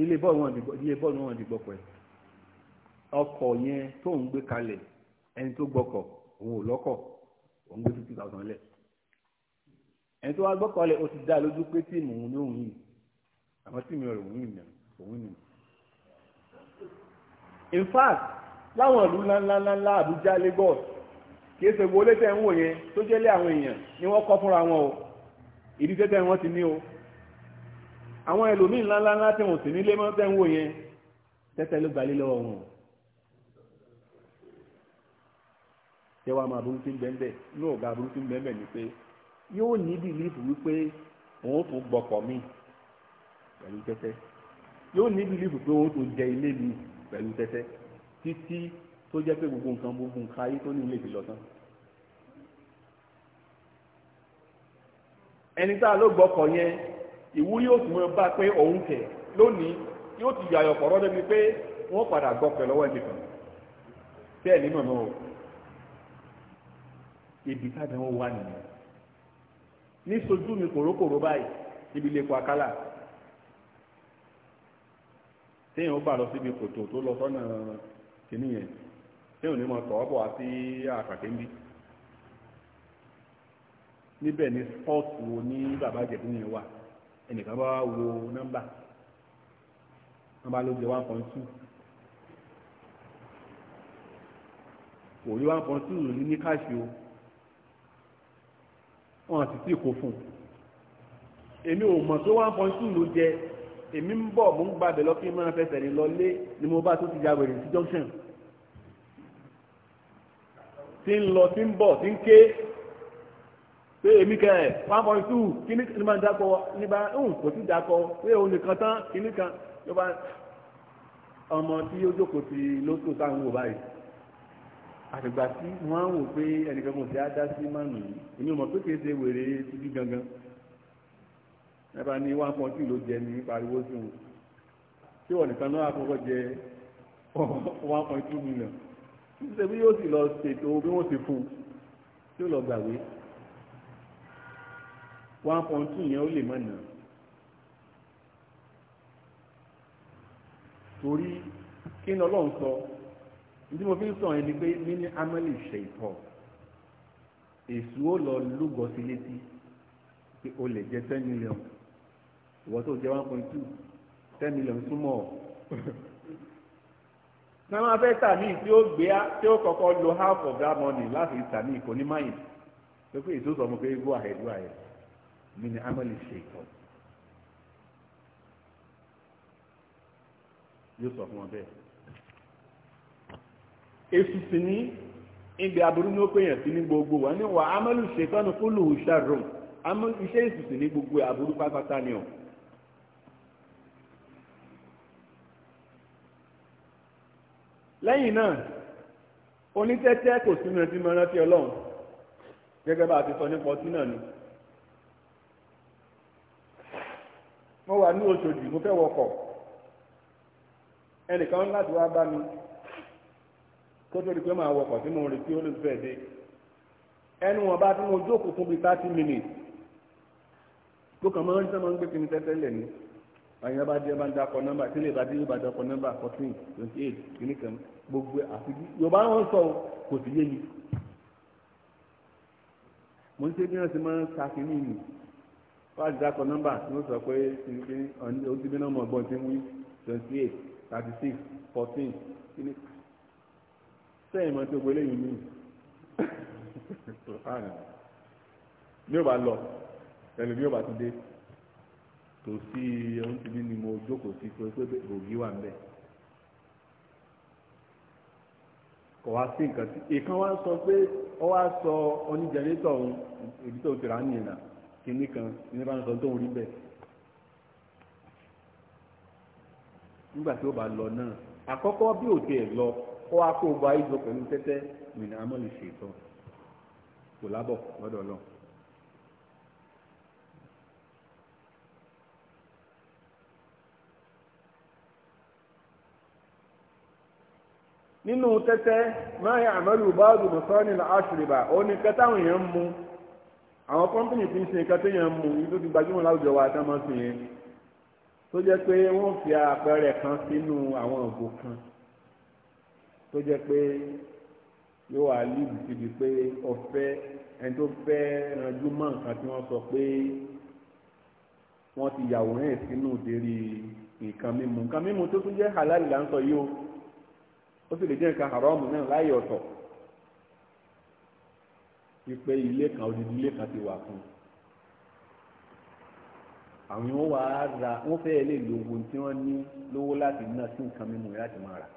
ilé bọ́ọ̀lù wọn ti gbọ́kọ̀ ẹ̀ ọkọ̀ yẹn tó ń gbé kalẹ̀ ẹni tó gbọ́kọ̀ òun ò lọ́kọ̀ òun gbé fifty thousand lẹ̀ ẹni tó wá gbọ́kọ̀ lẹ̀ ó ti dá lójú pé tíìmù òun ní òun yìí àmọ́ tíìmù rẹ̀ òun yìí in fact láwọn ìlú ńláńláńlá Àbújá Lagos kìí ṣe wọlé tẹ̀ ń wò yẹn tó jẹ́lé àwọn èèyàn ni wọ́n kọ́ fúnra wọn o ìdí tẹ́tẹ́ wọn ti ní o àwọn ẹlòmíì ńláńláńlá tí wọ́n sì nílé mọ́ tẹ́ ń wò yẹn tẹ́tẹ́ ló gbalé lọ́wọ́ wọn o tẹ́wàá máa burú sí bẹ́ẹ̀ ní ọ̀gá burú bẹ́ẹ̀ ni pé yóò ní bìlífù wípé òun tún gbọ́kọ̀ míì pẹ̀lú tẹ́tẹ́ yóò ní bìlífù pé òun tún jẹ ilé mi pẹ̀lú tẹ́tẹ́ títí tó jẹ́ pé gbogbo nǹkan gbogbo nǹkan ayé tó ní ilé ìfìlọ tán. ẹni tá a ló gbọ́kọ̀ yẹn ìwúrí yóò tún bá pé òun kẹ̀ lónìí yóò ti yàyọ̀ kọ̀rọ̀ débi pé wọ́n padà gbọ́kọ̀ lọ́wọ́ ẹ̀mí kan bẹ́ẹ̀ ní mọ̀mọ́ o ibi tábẹ̀ wọn wà nìyẹn ní sojú mi kòrókòró báyìí ibi lè kọ akálà téèyàn ó bà lọ síbi kòtò tó lọ sọ́nà kìíní yẹn téèyàn ní mọ tọ̀ọ́ bọ̀ wá àkàkẹ́ níbí níbẹ̀ ni sport wo ní bàbá ìjẹ̀bú yẹn wà ẹnìkan bá wo nọ́mbà nọ́mbà ló jẹ́ one point two kò rí one point two ní káàṣì o wọn sì tí kò fún un èmi ò mọ̀ tó one point two ló jẹ́ èmi ń bọ̀ mo ń gbàbẹ̀ lọ kí n máa fẹsẹ̀ rìn lọ lé ni mo bá tó ti ya wèrè sí junction tí ń lọ tí ń bọ̀ tí ń ké pé èmi kẹ ẹ̀ one point two kíní ni máa dákọ nígbà ń kò sí dákọ pé òun nìkan tán kíní kan ló bá ọmọ tí ó jókòó ti lóṣù táwọn wò báyìí àtìgbà tí wọ́n á wò pé ẹnìkan kò sí á dá sí mánu yìí èmi mọ̀ pé kìí ṣe wèrè ti gangan ẹ̀bá ní one forty ló jẹ ní pariwo sí wọn tí wọ́n nìkan náà àkọ́kọ́ jẹ one point two million ṣíṣe bí yóò sì lọ ṣètò bí wọ́n ti fún un tí ó lọ gbàgbé one point two yẹn ó lè mọ̀ náà. torí kí ni ọlọ́run sọ ní mo fi ń sọ ẹni pé mí ní amẹ́lì ṣe ìtọ́ èsù ó lọ lúgọ sí létí pé o lè jẹ ten million ìwọ́n tó jẹ́ one point two ten million súnmọ́ ọ̀ náà máa fẹ́ tà míì tí ó gbé tí ó kọ́kọ́ lo half of that money láti tà míì kò ní máyì tó pé èso sọ mo pé go ahead go ahead mi ni amẹ́lì ṣe ìtọ́ yóò sọ fún wọn bẹ́ẹ̀. èsù sì ní ibi aburú ní ó pè yàn sí ní gbogbo wa ní wà amẹ́lì ṣe ìtọ́nu kúlù ṣàrùn iṣẹ́ èsù sì ní gbogbo aburú pátápátá ni ọ̀. lẹ́yìn náà onítẹ́tẹ́ kò sínú ẹtí mọ́ rántí ọlọ́run gẹ́gẹ́ bá a ti sọ nípa ọtí náà ni. mo wà ní Òṣòdì mo fẹ́ wọkọ̀ ẹnìkan láti wá bá mi kó tó di pé máa wọkọ̀ tí mo rìn tí ó lè fẹ́ dé ẹnu wọn bá tí mo jókòó fún bíi thirty minutes tó kàn máa ń sọ máa ń gbé kí tẹ́tẹ́ lẹ̀ ni àyìn bá dé bá ń dakọ nọ́mbà tí lè bá dé bá dakọ nọ́mbà fourteen twenty eight kìíní kan gbogbo àti yorùbá wọn sọ kò sí yé mi mo ń ṣe bí wọn ti máa ń ta kìíní mi wọn á dakọ nọ́mbà tí wọn sọ pé kìíní oṣù bí náà mọ ọgbọ́n ti ń wí twenty eight thirty six fourteen kìíní sẹ́yìn mọ tí o gbélé yìí ní ní o bá lọ ẹlòmíì o bá tún dé tòsí oúnjẹ ni mo jókòó sí pé pé ògì wà ń bẹ kò wá sí nǹkan sí ìkan wá sọ pé ọ wá sọ oníjẹnitọ òun ibi tó tìrà nìyẹn náà kìíní kan ní bá ń sọ tó ń rí bẹ́ẹ̀ nígbà tí ó bá lọ náà àkọ́kọ́ bí òde ẹ̀ lọ kó wá kó gba ìjọ pẹ̀lú tẹ́tẹ́ mìíràn amọ̀lẹ̀ ṣètò kò lábọ̀ lọ́dọ̀ ọlọ́run. nínú tẹ́tẹ́ máa yà àmọ́lù báàdù mọ̀sánì àṣìrìbà ó ní kẹta àwọn èèyàn ń mu àwọn kọ́mpìnì tí ń ṣe nǹkan tó yàn ń mu ìlú ti gbajúmọ̀ láwùjọ wa tá máa ń sìn yẹn tó jẹ́ pé wọ́n fi àpẹẹrẹ kan sínú àwọn ògbó kan tó jẹ́ pé yóò wá líbi síbi pé ọ̀fẹ́ ẹni tó fẹ́ ranjú mọ́ nǹkan tí wọ́n sọ pé wọ́n ti yàwòrán ẹ̀ sínú ìdérí nǹkan mímu nǹkan mímu tó tún jẹ́ halal là ń sọ yìí o ó sì lè jẹ́ nǹkan haramu náà láyé ọ̀tọ̀ wípé ilé kan odidi ilé kan ti wà fún àwọn yóò wá ra wọ́n fẹ́ẹ́ lè lo ohun tí wọ́n ní lówó láti ná sí nǹkan mímu láti máa rà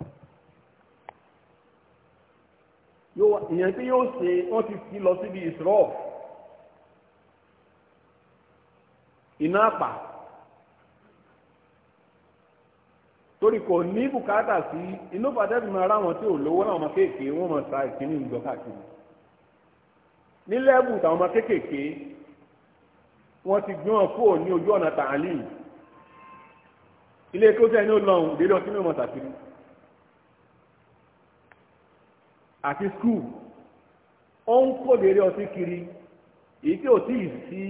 ìyẹn tí yóò ṣe wọ́n ti fi lọ síbi ìṣòro iná àpà. torí kò ní bùkátà sí inú pàtẹ́bí máa ráwọn tí ò lówó láwọn ọmọ kéèké wọn máa ta ìkíní ìgbọ́ káàkiri ní lẹ́bù táwọn ọmọ kéèké wọn ti gbé wọn kúrò ní ojú ọ̀nà tààlì ilé kó tẹ́ ní ó lọ́hùn délé ọtí mímọ́ tàkiri àti skul ó ń kó délé ọtí kiri èyí tí ò tí ì sí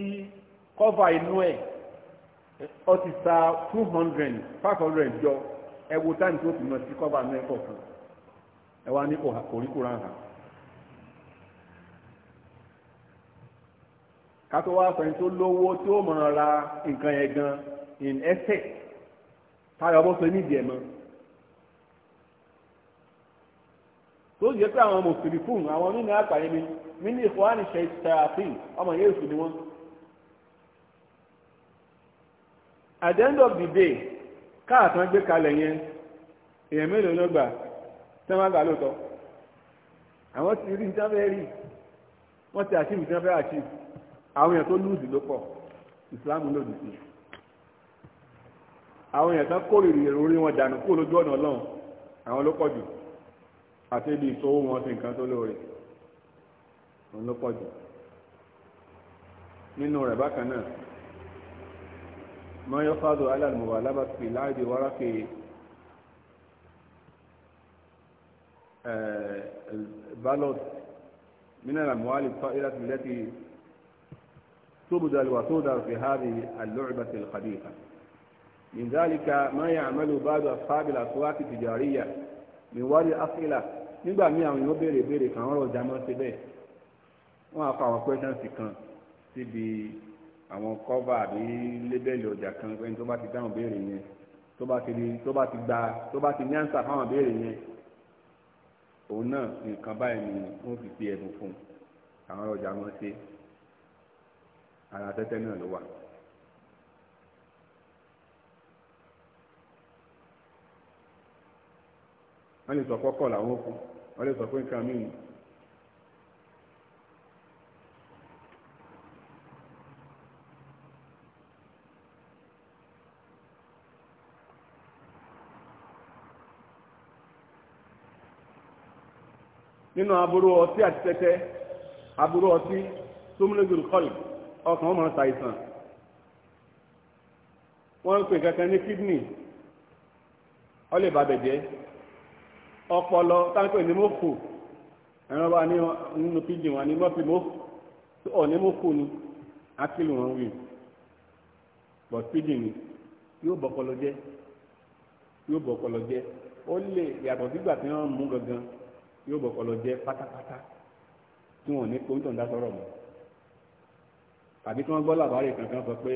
kọ́fà inú ẹ̀ ó ti ta two hundred five hundred jọ ẹ wo táìmù tó fi mọ̀ sí kọ́ba náà kọ̀ọ̀kan ẹ wá ní kòríkòrá hàn. kátó wá fẹ́ni tó lówó tí ó ra nǹkan yẹn gan in essence táyọ̀ bó ṣe nídìí ẹ̀ mọ́. tó yẹ pé àwọn mùsùlùmí fún àwọn nínú àgbáyé mi mi ní ìfọwọ́nì ṣe ṣàfihàn ọmọ yéésù ni wọ́n. at the end of the day káàtàn gbé kalẹ̀ yẹn èèyàn mélòó ló gbà tẹ́ máa gbà lóòótọ́ àwọn ti rí nǹkan fẹ́ rí wọ́n ti àṣìbì tí wọ́n fẹ́ àṣìbì àwọn èèyàn tó lùzì ló pọ̀ ìsìláàmù lòdì sí àwọn èèyàn tán kórìrì orí wọn dànù kó lójú ọ̀nà ọlọ́run àwọn ló pọ̀ jù àti ibi ìṣòwò wọn sí nǹkan tó lóore òun ló pọ̀ jù nínú rẹ̀ bákan náà ما يفاض على المبالغة في لعب ورق البالوت من الأموال الطائلة التي تبذل وتودر في هذه اللعبة الخبيثة من ذلك ما يعمل بعض أصحاب الأسواق التجارية من وراء أسئلة nígbà míì àwọn èèyàn béèrè béèrè kan ọ̀rọ̀ ìjà mọ́ síbẹ̀ wọ́n á fa àwọn pẹ́ṣẹ́ǹsì kan síbi àwọn kọ́fà àbí lébẹ́lì ọjà kan pé tó bá ti dáhùn béèrè yẹn tó bá ti tó bá ti gba tó bá ti ní ànsà fáwọn béèrè yẹn òun náà nǹkan báyìí ni wọ́n fi fi ẹ̀bùn fún àwọn ọjà wọn ṣe ara tẹ́tẹ́ náà ló wà. wọ́n lè sọ kọ́kọ́ làwọn kù wọ́n lè sọ pé nǹkan mìíràn. nínú aburú ọtí àti tẹ́tẹ́ aburú ọtí tó múlẹ́gbẹ̀rù kọ́lì ọkàn wọn máa ṣàìsàn wọ́n ń pè kankan ní kídìnì ó lè bàbẹ̀jẹ́ ọpọlọ táǹpẹ̀ ní mọ́kù ẹ̀rọ wa nínú píjì wọn ní mọ́fì mọ́kù ọ̀ ní mọ́kù ni akílù wọn wí bọ̀ píjì ni yóò bọ̀kọlọ jẹ́ yóò bọ̀kọlọ jẹ́ ó lè yàtọ̀ sígbà tí wọ́n mú gangan yóò bọ̀kọ̀lọ̀ jẹ pátápátá tí wọ́n ní kó ń tàn dá sọ́rọ̀ mọ́ tàbí tí wọ́n gbọ́ kankan sọ pé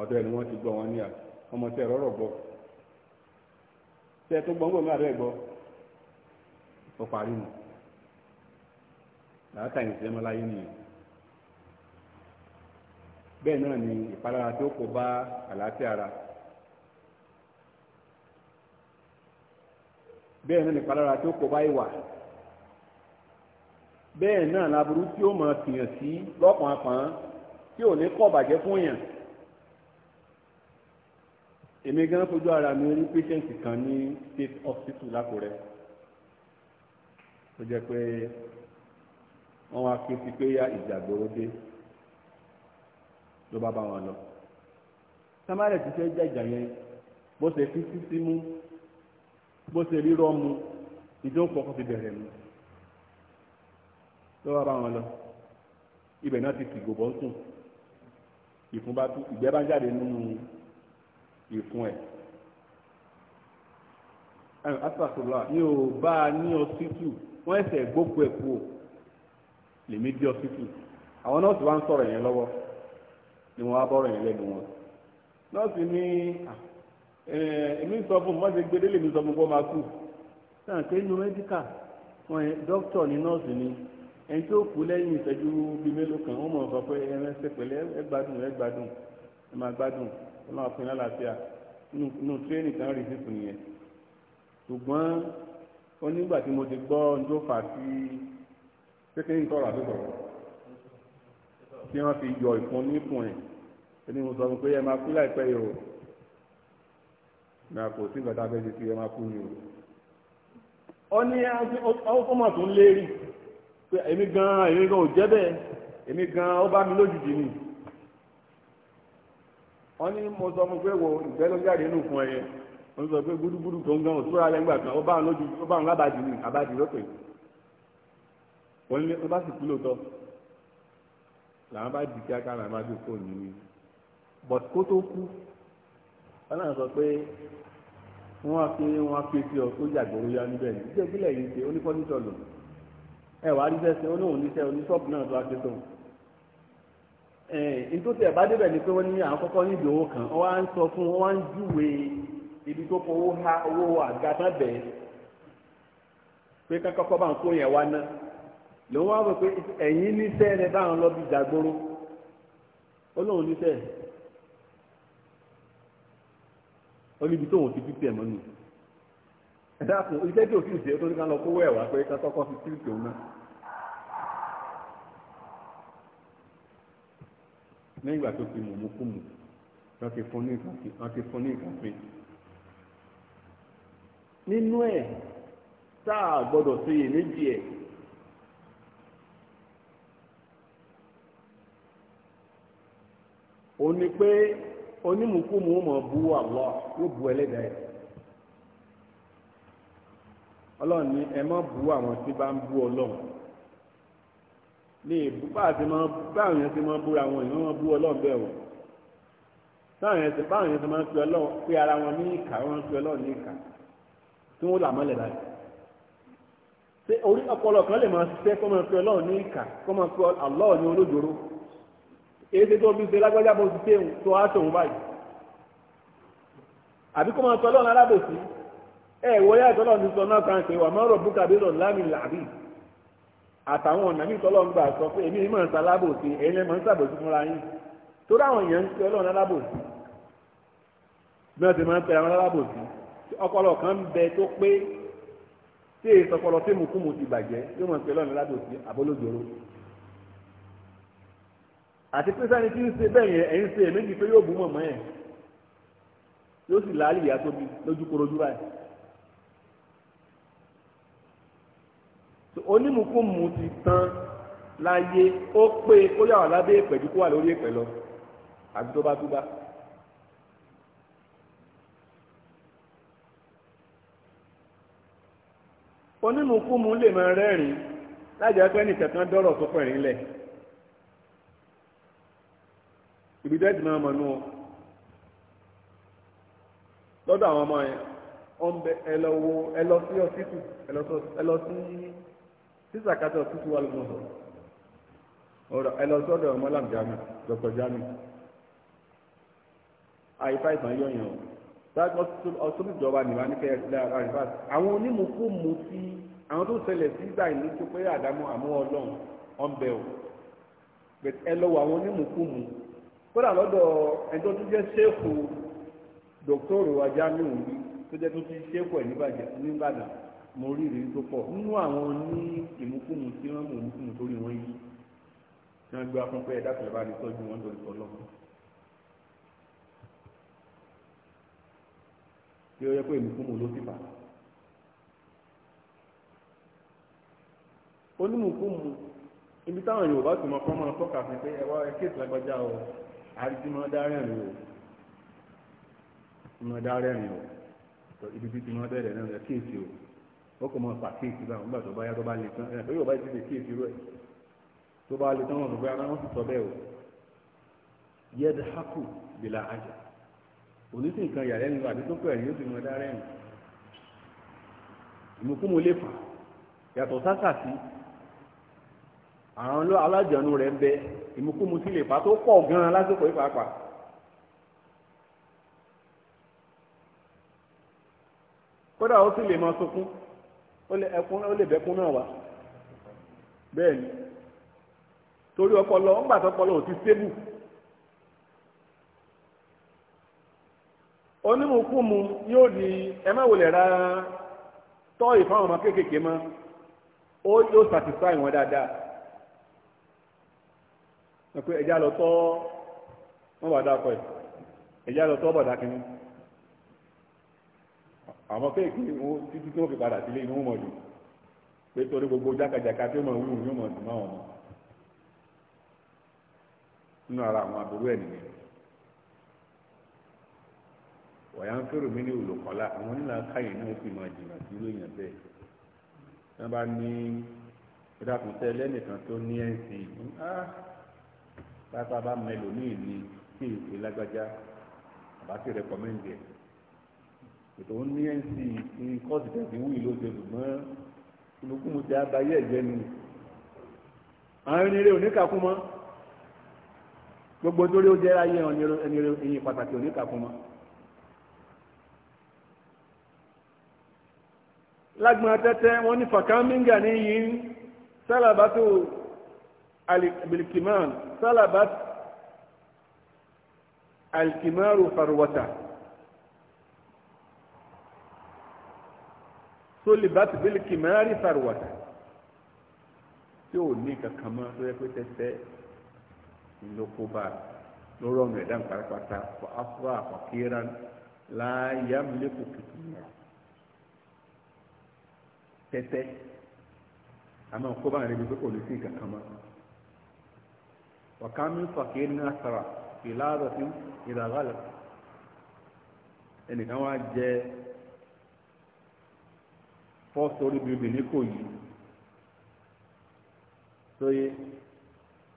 ọ̀dọ̀ ẹ̀ ni ti gbọ́ wọn ní à ọmọ tẹ rọ́rọ̀ gbọ́ tẹ tó gbọ́ ń gbọ́ gbọ́ ó parí làákà nìyẹn bẹ́ẹ̀ náà ni ìpalára tó bá àlàáfíà bẹ́ẹ̀ náà nípalára tí ó kó bá ìwà bẹ́ẹ̀ náà laburú tí ó máa fìyàn sí lọ́pọ̀npọ̀n tí ò ní kọ́ bàjẹ́ fún yàn èmi gan fojú ara mi rí pẹ́ṣẹ́ǹtì kan ní state hospital lákùrẹ́ tó jẹ́ pé wọ́n wá ké sí pé yá ìjà gbòòrò dé ló bá bá wọn lọ sámárẹ̀ ti fẹ́ jà ìjà yẹn bó ṣe fi sísí mú bó ṣe rí rọ́ọ̀mù ìdókòó kan ti bẹ̀rẹ̀ mu ló bá bá wọn lọ ibẹ̀ náà ti fìgò bọ́ sùn ìfun bá tú ìgbẹ́ bá jáde nínú ìfun ẹ̀ asàkùnlá ní o bá a ní ọsítù wọ́n ẹ̀sẹ̀ gbókù ẹ̀ kú o lèmi dé ọsítù àwọn nọ́ọ̀sì wá ń sọ̀rọ̀ yẹn lọ́wọ́ ni wọ́n á bọ́rọ̀ yẹn lẹ́nu wọn nọ́ọ̀sì ní àpò ah, Eh, èmi sọ fún mi wọ́n ti gbedele mi sọ fún mi kó máa kú sàn pé inú mẹ́díkà wọn yẹn dókítọ̀ ní nọ́ọ̀sì ni ẹni tó kú lẹ́yìn ìṣẹ́jú bíi mélòó kan ó mọ̀ sọ pé ẹ rẹ́sẹ̀ pẹ̀lẹ́ ẹ gbádùn ẹ gbádùn ẹ máa gbádùn ẹ máa fún yín lálàáfíà nínú tírénì kan rí sísun yẹn ṣùgbọ́n ó nígbà tí mo ti gbọ́ ọjọ́ fà sí kékeré nǹkan ọ̀rọ̀ àbíkọ̀rọ̀ tí wọ́n fi yọ ìfun nípùn ẹ̀ ẹni mo sọ fún pé ẹ máa kú láìpẹ́ yìí o na kò sí nǹkan tá tí fẹ́ ṣe ẹ máa kú ní o ọ ní ọmọ tó ń lérí pé èmi gan èmi gan ò jẹ́ èmi gan ó bá ni ọ ní mo sọ fún pé wo ìgbẹ́ ló jáde fún ẹyẹ mo sọ pé gbúdúgbúdú tó ń gan ó bá ń ó bá ń lábàjì ni àbájì lópin ní bá sì kú lóòótọ́ ọlọ́run sọ pé wọ́n wá pé wọ́n wá pé tí ọ tó yàgbọ́ ya níbẹ̀ ní ìjẹ́ ìbílẹ̀ yìí ṣe onífọ́nìtọ̀ lò ẹ wàá ríṣẹ́ sí oníhùn níṣẹ́ oníṣọ́ọ̀bù náà tó wá ṣe tó ẹ̀ẹ́n tó tẹ̀ bá débẹ̀ ni pé wọ́n ní àwọn kọ́kọ́ ní ìdòwò kan wọ́n á ń sọ fún wọ́n á ń júwe ibi tó fowó ha owó àga tán bẹ̀ pé kákọ́kọ́ bá ń kó yẹn wá ná lòun wá wọ pé ẹ̀yìn níṣẹ́ rẹ báwọn lọ bí jàgbóró ó níṣẹ́ ó níbi tóun ti fífi ẹ̀mọ́ nù ẹ̀dáàkùn tí òfin ìṣe tó ní ká lọ kówó ẹ̀wà pé ká tọ́kọ́ fi sílìkì òun náà lẹ́yìn tó fi mọ̀mú kú wọ́n ti fún ní ìkàfé nínú ẹ̀ tá gbọ́dọ̀ ṣe iyèméjì ẹ̀ òun ni pé onímùkúmu ó mọ̀ bú Allah yóò bú ẹlẹ́dàá ẹ̀ ọlọ́run ní ẹ má bú àwọn tí bá ń bú ọlọ́run lè bú báàtì máa báwọn yẹn ti máa búra wọn ìwọ́n máa bú ọlọ́run bẹ́ẹ̀ wọ̀ báwọn yẹn ti báwọn yẹn ti máa ń pe ọlọ́run pé ara wọn ní ìkà wọn ń pe ọlọ́run ní ìkà tí wọ́n là mọ́lẹ̀ báyìí ṣé orí ọpọlọ kan lè máa ṣiṣẹ́ kó máa pe ọlọ́run ní ìkà kó máa pe Allah ní olójoro èyí tó bí ṣe lágbájá bó ti ṣe òun tó á ṣòun báyìí àbí kó máa sọ lọ́nà alábòsí ẹ wọlé àtọ́lọ́ ní sọ náà kan ṣe wà mọ́rọ̀ búkà bí lọ́nà lámì làbí àtàwọn ọ̀nà ní tọ́lọ́ ń gbà sọ pé èmi máa ń ṣalábòsí ẹ̀yin lẹ́mọ̀ ń ṣàbòsí fúnra yín tó dáwọn èèyàn ń pe ọlọ́run alábòsí bí wọ́n ti máa ń pe àwọn alábòsí ọpọlọ kan ń bẹ tó pé tí èyí sọpọlọ tí mo kú mo ti bàjẹ́ yóò máa pe ọlọ́run alábòsí àbólójoro àti pé sani tí ń ṣe bẹ́ẹ̀ yẹn ẹ̀yin ṣe èmi pé yóò bú mọ̀mọ́ yẹn yóò sì láàlì ìyá tóbi lójú korojú báyìí. onímùkúmu ti tán láyé ó pé kó yà wà lábẹ́ ìpẹ̀jù kó wà lórí ìpẹ̀ lọ àbí tó bá tó bá. onímùkúmu lè máa rẹ́rìn-ín lájà pé nìkan kan dọ́rọ̀ tó pẹ̀rín lẹ̀ ibi dẹ́ẹ̀dì máa mọ̀ nú ọ lọ́dọ̀ àwọn ọmọ yẹn ọ̀nbẹ ẹlọ́wọ́ ẹlọ sí ọsítù ẹlọ sí sísàkátà ọsítù wà lọ́mọdọ̀ ọ̀rọ̀ ẹlọ sọ́dọ̀ ọmọlàm jami dr jami àyíká ìtàn yọ̀yàn o sáájú ọsítù ìjọba nìwá ní kẹrìndínlẹ́ àrífà àwọn onímùkú mu sí àwọn tó ṣẹlẹ̀ sí ìgbà ìlú tó pé àdámọ́ àmú ọlọ́run ọ̀nbẹ o ẹ lọ́wọ́ àwọn onímùkú mu kódà lọ́dọ̀ ẹjọ́ tó jẹ́ sẹ́ẹ̀kù dọ́kítọ́rù ajami òní tó jẹ́ tó ti sẹ́ẹ̀kù ẹ̀ nígbàdàn mo rí ìrírí tó pọ̀ nínú àwọn ní ìmúkùmù tí wọ́n mú ìmúkùmù torí wọ́n yí tí wọ́n gbé wá fún pé ẹ̀dá tó lè bá ní tọ́jú wọn lórí tọ́lọ́ tí ó yẹ pé ìmúkùmù ló ti fà onímùkùmù ibi táwọn Yorùbá ti mọ kọ́ máa tọ́ka sí pé ẹ wá ẹ kéèsì lágbájá o àrísí mọ́ dárẹ́rìn o mọ́ dárẹ́rìn o ibi tí ti mọ́ bẹ̀rẹ̀ náà o ó kò mọ́ pàkéèsì báwọn nígbà tó bá yá tó bá lè tán ẹ̀ tó yóò bá ti rẹ̀ tó bá lè tán wọn gbogbo ara wọn sì sọ bẹ́ẹ̀ o yẹ́dẹ̀ hákù bìlà àjà onísìn kan yàrá ẹni tó pẹ̀lú yóò ti mọ́ àwọn alájọnu rẹ̀ ń bẹ ìmúkúmu sí lè fa tó pọ̀ gan-an lásìkò yìí pàápàá. kódà ó sì lè máa sunkún ó lè ẹkún ó lè bẹkún náà wá bẹ́ẹ̀ ni torí ọpọlọ ńgbà tọpọlọ ò ti stable onímùkúmu yóò di ẹ má wòlẹ̀ ra tọ́ ìfáwọn ọmọ kéékèèké mọ́ ó yóò satisfy wọn dáadáa wọn pé ẹja lọ tọ́ wọn wà dákọ̀ ẹ̀ ẹja lọ tọ́ bọ̀dá kínní àwọn kéèké wọn títí tí wọn fi padà sílé inú mọ̀ jù pé torí gbogbo jákàjàká tí ó mọ̀ wíwù yóò mọ̀ dùn máwọn mọ̀ nínú ara àwọn aburú ẹ̀ nìyẹn wọ̀nyá ń fẹ́rù mí ní olùkọ́lá àwọn onílà káyìn náà sì máa jìnnà sí lóyìn bẹ́ẹ̀ tí wọ́n bá ní ìdákùnsẹ́ lẹ́nìkan tó ní ẹ̀sìn ah láti bá mẹ́lò ní ìní tí èsì lágbájá àbátì rẹ̀ kọ́mẹ́ǹdì ẹ̀ ètò ń ní nc ní kọ́ọ̀sì tẹ̀sí wù yìí lóde ṣùgbọ́n olùkún mu ti abayé ẹ̀jẹ̀ nù àárín eré oníkàkùn mọ́ gbogbo torí ó jẹ́ ayé ẹni ẹyin pàtàkì oníkàkùn mọ́. lágbọn tẹ́tẹ́ wọ́n ní fàkàmíngà ní yìí sálábàtò alìkìmán salabat alkimaru farwata solibat bilkimari farwata tí ò ní kankan mọ́ tó yẹ pé tẹ́tẹ́ ìlókóbá lóró ọ̀nà ẹ̀dá pàápàá fọ afúrà àkọ́kíra láàyè amúlẹ́kùn kìkìyà tẹ́tẹ́ àmọ́ kóbá rẹ̀ bí pé kò ní sí kankan وكم من فقير أسرى في لعبة إذا غلب ẹnìkan wá jẹ fọ́sọ̀rí bíbí ní kò yìí sóyè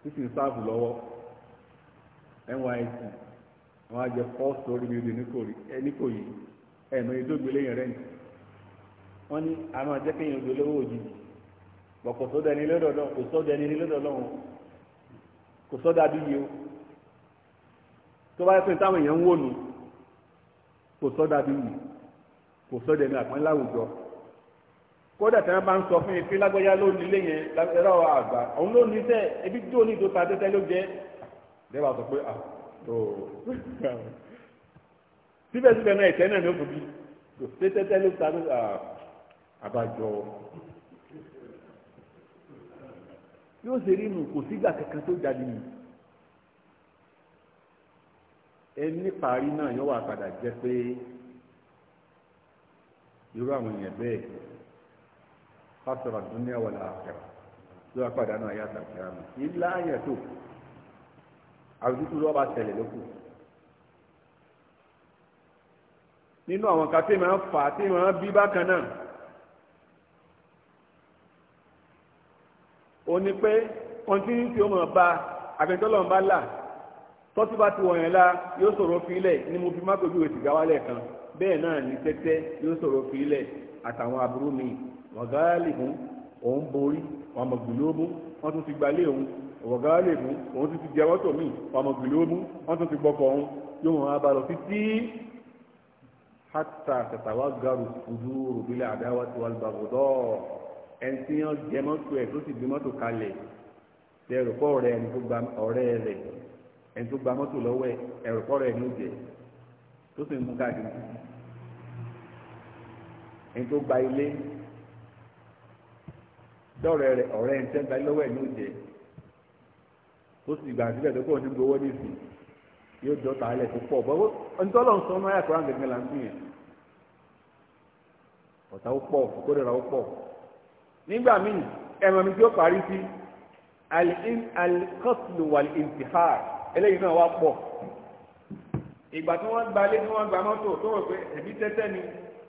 títí ń sáàbù lọ́wọ́ NYSC wọ́n á jẹ fọ́sọ̀rí bíbí ní kò yìí ẹ̀mọ́ ìdógbélé yẹn rẹ̀ nìyí wọ́n ní a máa jẹ́ kéèyàn gbé lọ́wọ́ òjijì lọ́kọ̀ sódẹ́ni lọ́dọ̀ọ́dọ̀ kò sódẹ́ni lọ́dọ̀ọ́dọ̀ wọn kò sọ́dà bí yìí o tó bá yẹ pé táwọn èèyàn ń wò nù kò sọ́dà bí yìí kò sọ́dà ní àpọ́n láwùjọ kódà tí wọ́n bá ń sọ fún yín pé lágbájá ló ní ilé yẹn ẹ̀rọ àgbà òun ló ní sẹ́ ebi tí ò ní ìdó ta tẹ́tẹ́ ló jẹ́ lẹ́wà sọ pé ah tó síbẹ̀síbẹ̀ náà ẹ̀tẹ́ náà ló fò bí tẹ́tẹ́ ló ta ah, àbájọ yóò ṣe rí nù kò sígbà kankan tó jáde nù ẹni parí náà yóò wà padà jẹ pé irú àwọn èèyàn bẹ́ẹ̀ pásọ̀rọ̀ dúnìá wà láàkàrà yóò wà padà náà yàtọ̀ kíá mi ilá yẹn tó àrùtútù lọ́ba tẹ̀lé lókù nínú àwọn kan tí màá fà tí màá bí bákan náà. ó ní pé kọ́ntínú tí ó mọ̀ bá àgbẹ̀tọ́lọ̀ ń bá là tọ́tí bá ti wọ̀nyẹn la yóò sọ̀rọ̀ fílẹ̀ ni mo fi má gbójú èsì gáwálẹ̀ kan bẹ́ẹ̀ náà ní tẹ́tẹ́ yóò sọ̀rọ̀ fílẹ̀ àtàwọn aburú mi wọ̀gáálì fún òun borí ọmọgbìlógún wọ́n tún ti gbalé òun wọ̀gáálì fún òun tún ti jẹ wọ́tò mi ọmọgbìlógún wọ́n tún ti gbọ́kọ̀ òun yóò wọn abalọ títí hátà tàtàwá garu fúdúrú bílẹ̀ àdáwà tí wọ́n gbàgbọ́dọ̀ ẹni tí wọ́n jẹ mọ́tò ẹ̀ tó sì gbé mọ́tò kalẹ̀ tẹ ẹ̀rọ̀pọ̀ ọ̀rẹ́ ẹni tó gba ọ̀rẹ́ rẹ̀ ẹni tó gba mọ́tò lọ́wọ́ ẹ̀ ẹ̀rọ̀pọ̀ rẹ̀ ló jẹ tó sì ń mú káàkiri ẹni tó gba ilé dọ́ọ̀rẹ́ rẹ̀ ọ̀rẹ́ ẹni tẹ́ gba ilé lọ́wọ́ ẹ̀ ló jẹ tó sì gbà síbẹ̀ tó pọ̀ ní gbowó nísìnyí yóò jọ ta ilẹ̀ tó pọ̀ bọ́wọ́ ntọ́lọ̀ nsọ náà yàtọ̀ àgbẹ̀gbẹ̀ là ń gbìyànjú ọ̀tá ó pọ̀ kódìrà ó pọ̀ nígbà míì ẹ̀mọ̀ mi tí ó parí sí alikọ́sùlù wà ìntìhàr eléyìí náà wá pọ̀ ìgbà tí wọ́n gbalé tí wọ́n gba mọ́tò tó rò pé ẹ̀bí tẹ́tẹ́ ni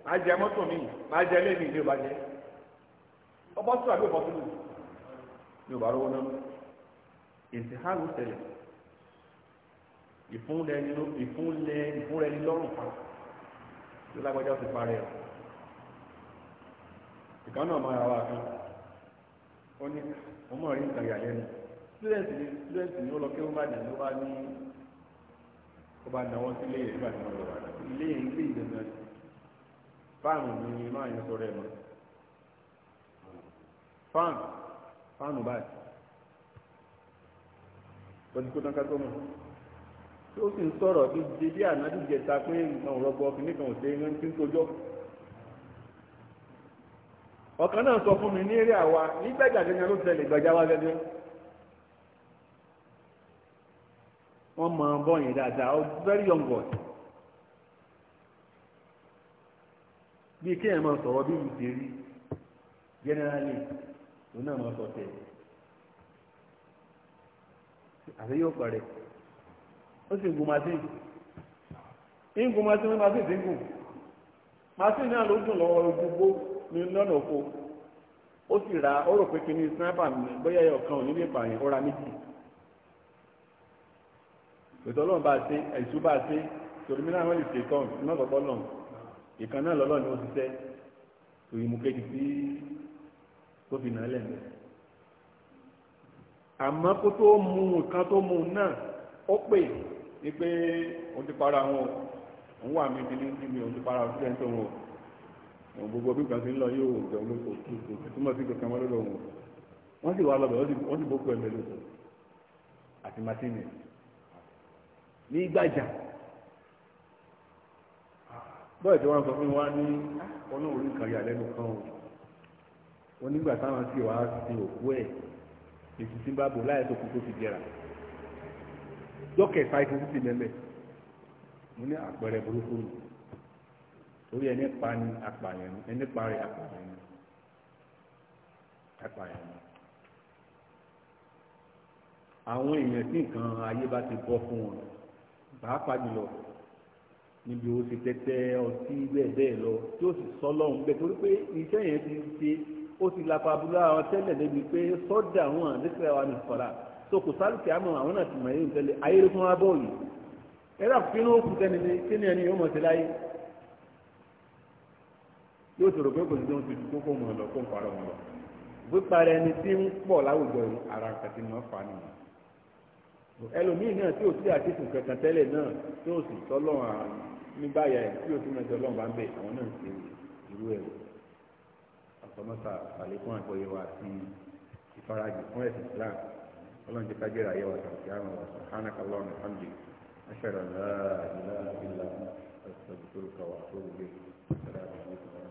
máa jẹ mọ́tò mi máa jẹ lémi ní ìbàjẹ́ ọbọ̀sùn àbí ọbọ̀sùn ní ò bá náà ìntìhàr ń tẹ̀lẹ̀ ìfúnlẹ̀ ìfúnlẹ̀ ìfúnlẹ̀ lọ́rùn pa ló lágbájá ti parẹ́ ọ̀ ìkan náà máa ra wa kan ó ní ọmọ rí nǹkan yà lẹ́nu student ni student ni ó lọ kí ó bá dàn ló bá ní ó bá náwó sí ilé yẹn nígbà tí wọ́n lọ wà náà ilé yẹn ilé ìdènà fáànù ni máa yẹn sọ̀rọ̀ ẹ̀ mọ́ fáànù fáànù báyìí wọ́n ti kó tán ká tó mọ̀ tí sì ń sọ̀rọ̀ bí dédé àná pé nǹkan ò rọgbọ kìnnìkan ò ṣe é ní ń tójọ́ ọ̀kan náà sọ fún mi ní eré àwa nígbàjà gẹ́gẹ́ ló tẹ̀lé ìgbàjà wa gẹ́gẹ́ wọ́n mọ bọ́ yẹn dáadáa ó very young boy bíi kéèyàn máa sọ̀rọ̀ bí ìdè rí generally òun náà máa sọ tẹ̀ àti yóò parẹ́ ó sì ń gun machine ń gun machine machine ti ń gùn machine náà ló gùn lọ́wọ́ gbogbo ní lọ́nà oko ó sì ra ó rò pé kí ni sniper mi bóyá ẹyọ kan ò ní lè pààyàn ó ra méjì ètò ọlọ́run bá ṣe ẹ̀sùn bá ṣe torí mi náà wọ́n lè ṣètò ìmọ̀tọ̀pọ̀ náà ìkan náà lọ́lọ́ ni ó ṣiṣẹ́ tòyí mú kéjì sí tó fi náà lẹ́nu àmọ́ kó tó mú nǹkan tó mú náà ó pè ní pé òun ti para wọn òun wà mí ní ní mi òun ti para òun ń tó wọn o àwọn gbogbo ọdún kan ti ń lọ yóò rẹ̀ olóko kò túmọ̀ sí kankan wọn lọ́dọ̀ wọn wọ́n sì wá lọ́bẹ̀ wọ́n sì bókú ẹ̀mẹ́ lóko àti martini ní gbàjà bọ́ọ̀ tí wọ́n sọ fún wa ní ọlọ́run ah, orí kan yà kan o wọ́n nígbà táwọn sì wá sin òkú ẹ̀ èsì tí ń bá bò láyé tó kú tó fi jẹrà dọ́kẹ̀ fáìfù sí mẹ́mẹ́ mo ní àpẹẹrẹ burúkú nù torí ẹni pa ni apààyàn ni ẹni parí apààyàn ni apààyàn ni àwọn èèyàn tí nǹkan ayé bá ti bọ́ fún wọn pàápàá jùlọ níbi ó ti tẹ́tẹ́ ọtí bẹ́ẹ̀ bẹ́ẹ̀ lọ tí ó sì sọ lọ́hùn bẹ́ẹ̀ torí pé iṣẹ́ yẹn ti ṣe ó ti lapa abúlé àwọn tẹ́lẹ̀ débi pé sọ́dà wọn àdékèrè wa ní sọ̀la tó kò sáré kí àwọn náà ti mọ̀ ẹ̀yìn tẹ́lẹ̀ ayé ló fún wa bọ́ọ̀lù ẹ̀rọ àfihàn ó kú tẹ́ni ẹni yóò mọ̀ sí láyé yóò tòrò pé kò sí tó ń tutù kókó mọ̀ lọ kó ń parọ́ wọn lọ pípara ẹni tí ń pọ̀ láwùjọ yìí ara nǹkan ti máa fa nìyẹn ẹlòmíì náà tí ò sí àtìkù kankan tẹ́lẹ̀ náà tí ò sì tọ́lọ̀ nígbàyà ẹ̀ tí ò sí mẹ́jọ lọ́nà bá ń bẹ̀ àwọn náà ń ṣe irú ẹ̀ àtọ́mọ́sà àlékún àgbọ̀yẹ wa àti ìfarajì fún ẹ̀sìn Islam ọlọ́run ti kájẹ́rẹ́ ayé wa tàbí àrùn wa sàhánà kàlọ́ ọ̀nà hàmdì aṣọ ìrànlá ìlà ìlà ẹ̀sìn ìṣòro kàwá tó wù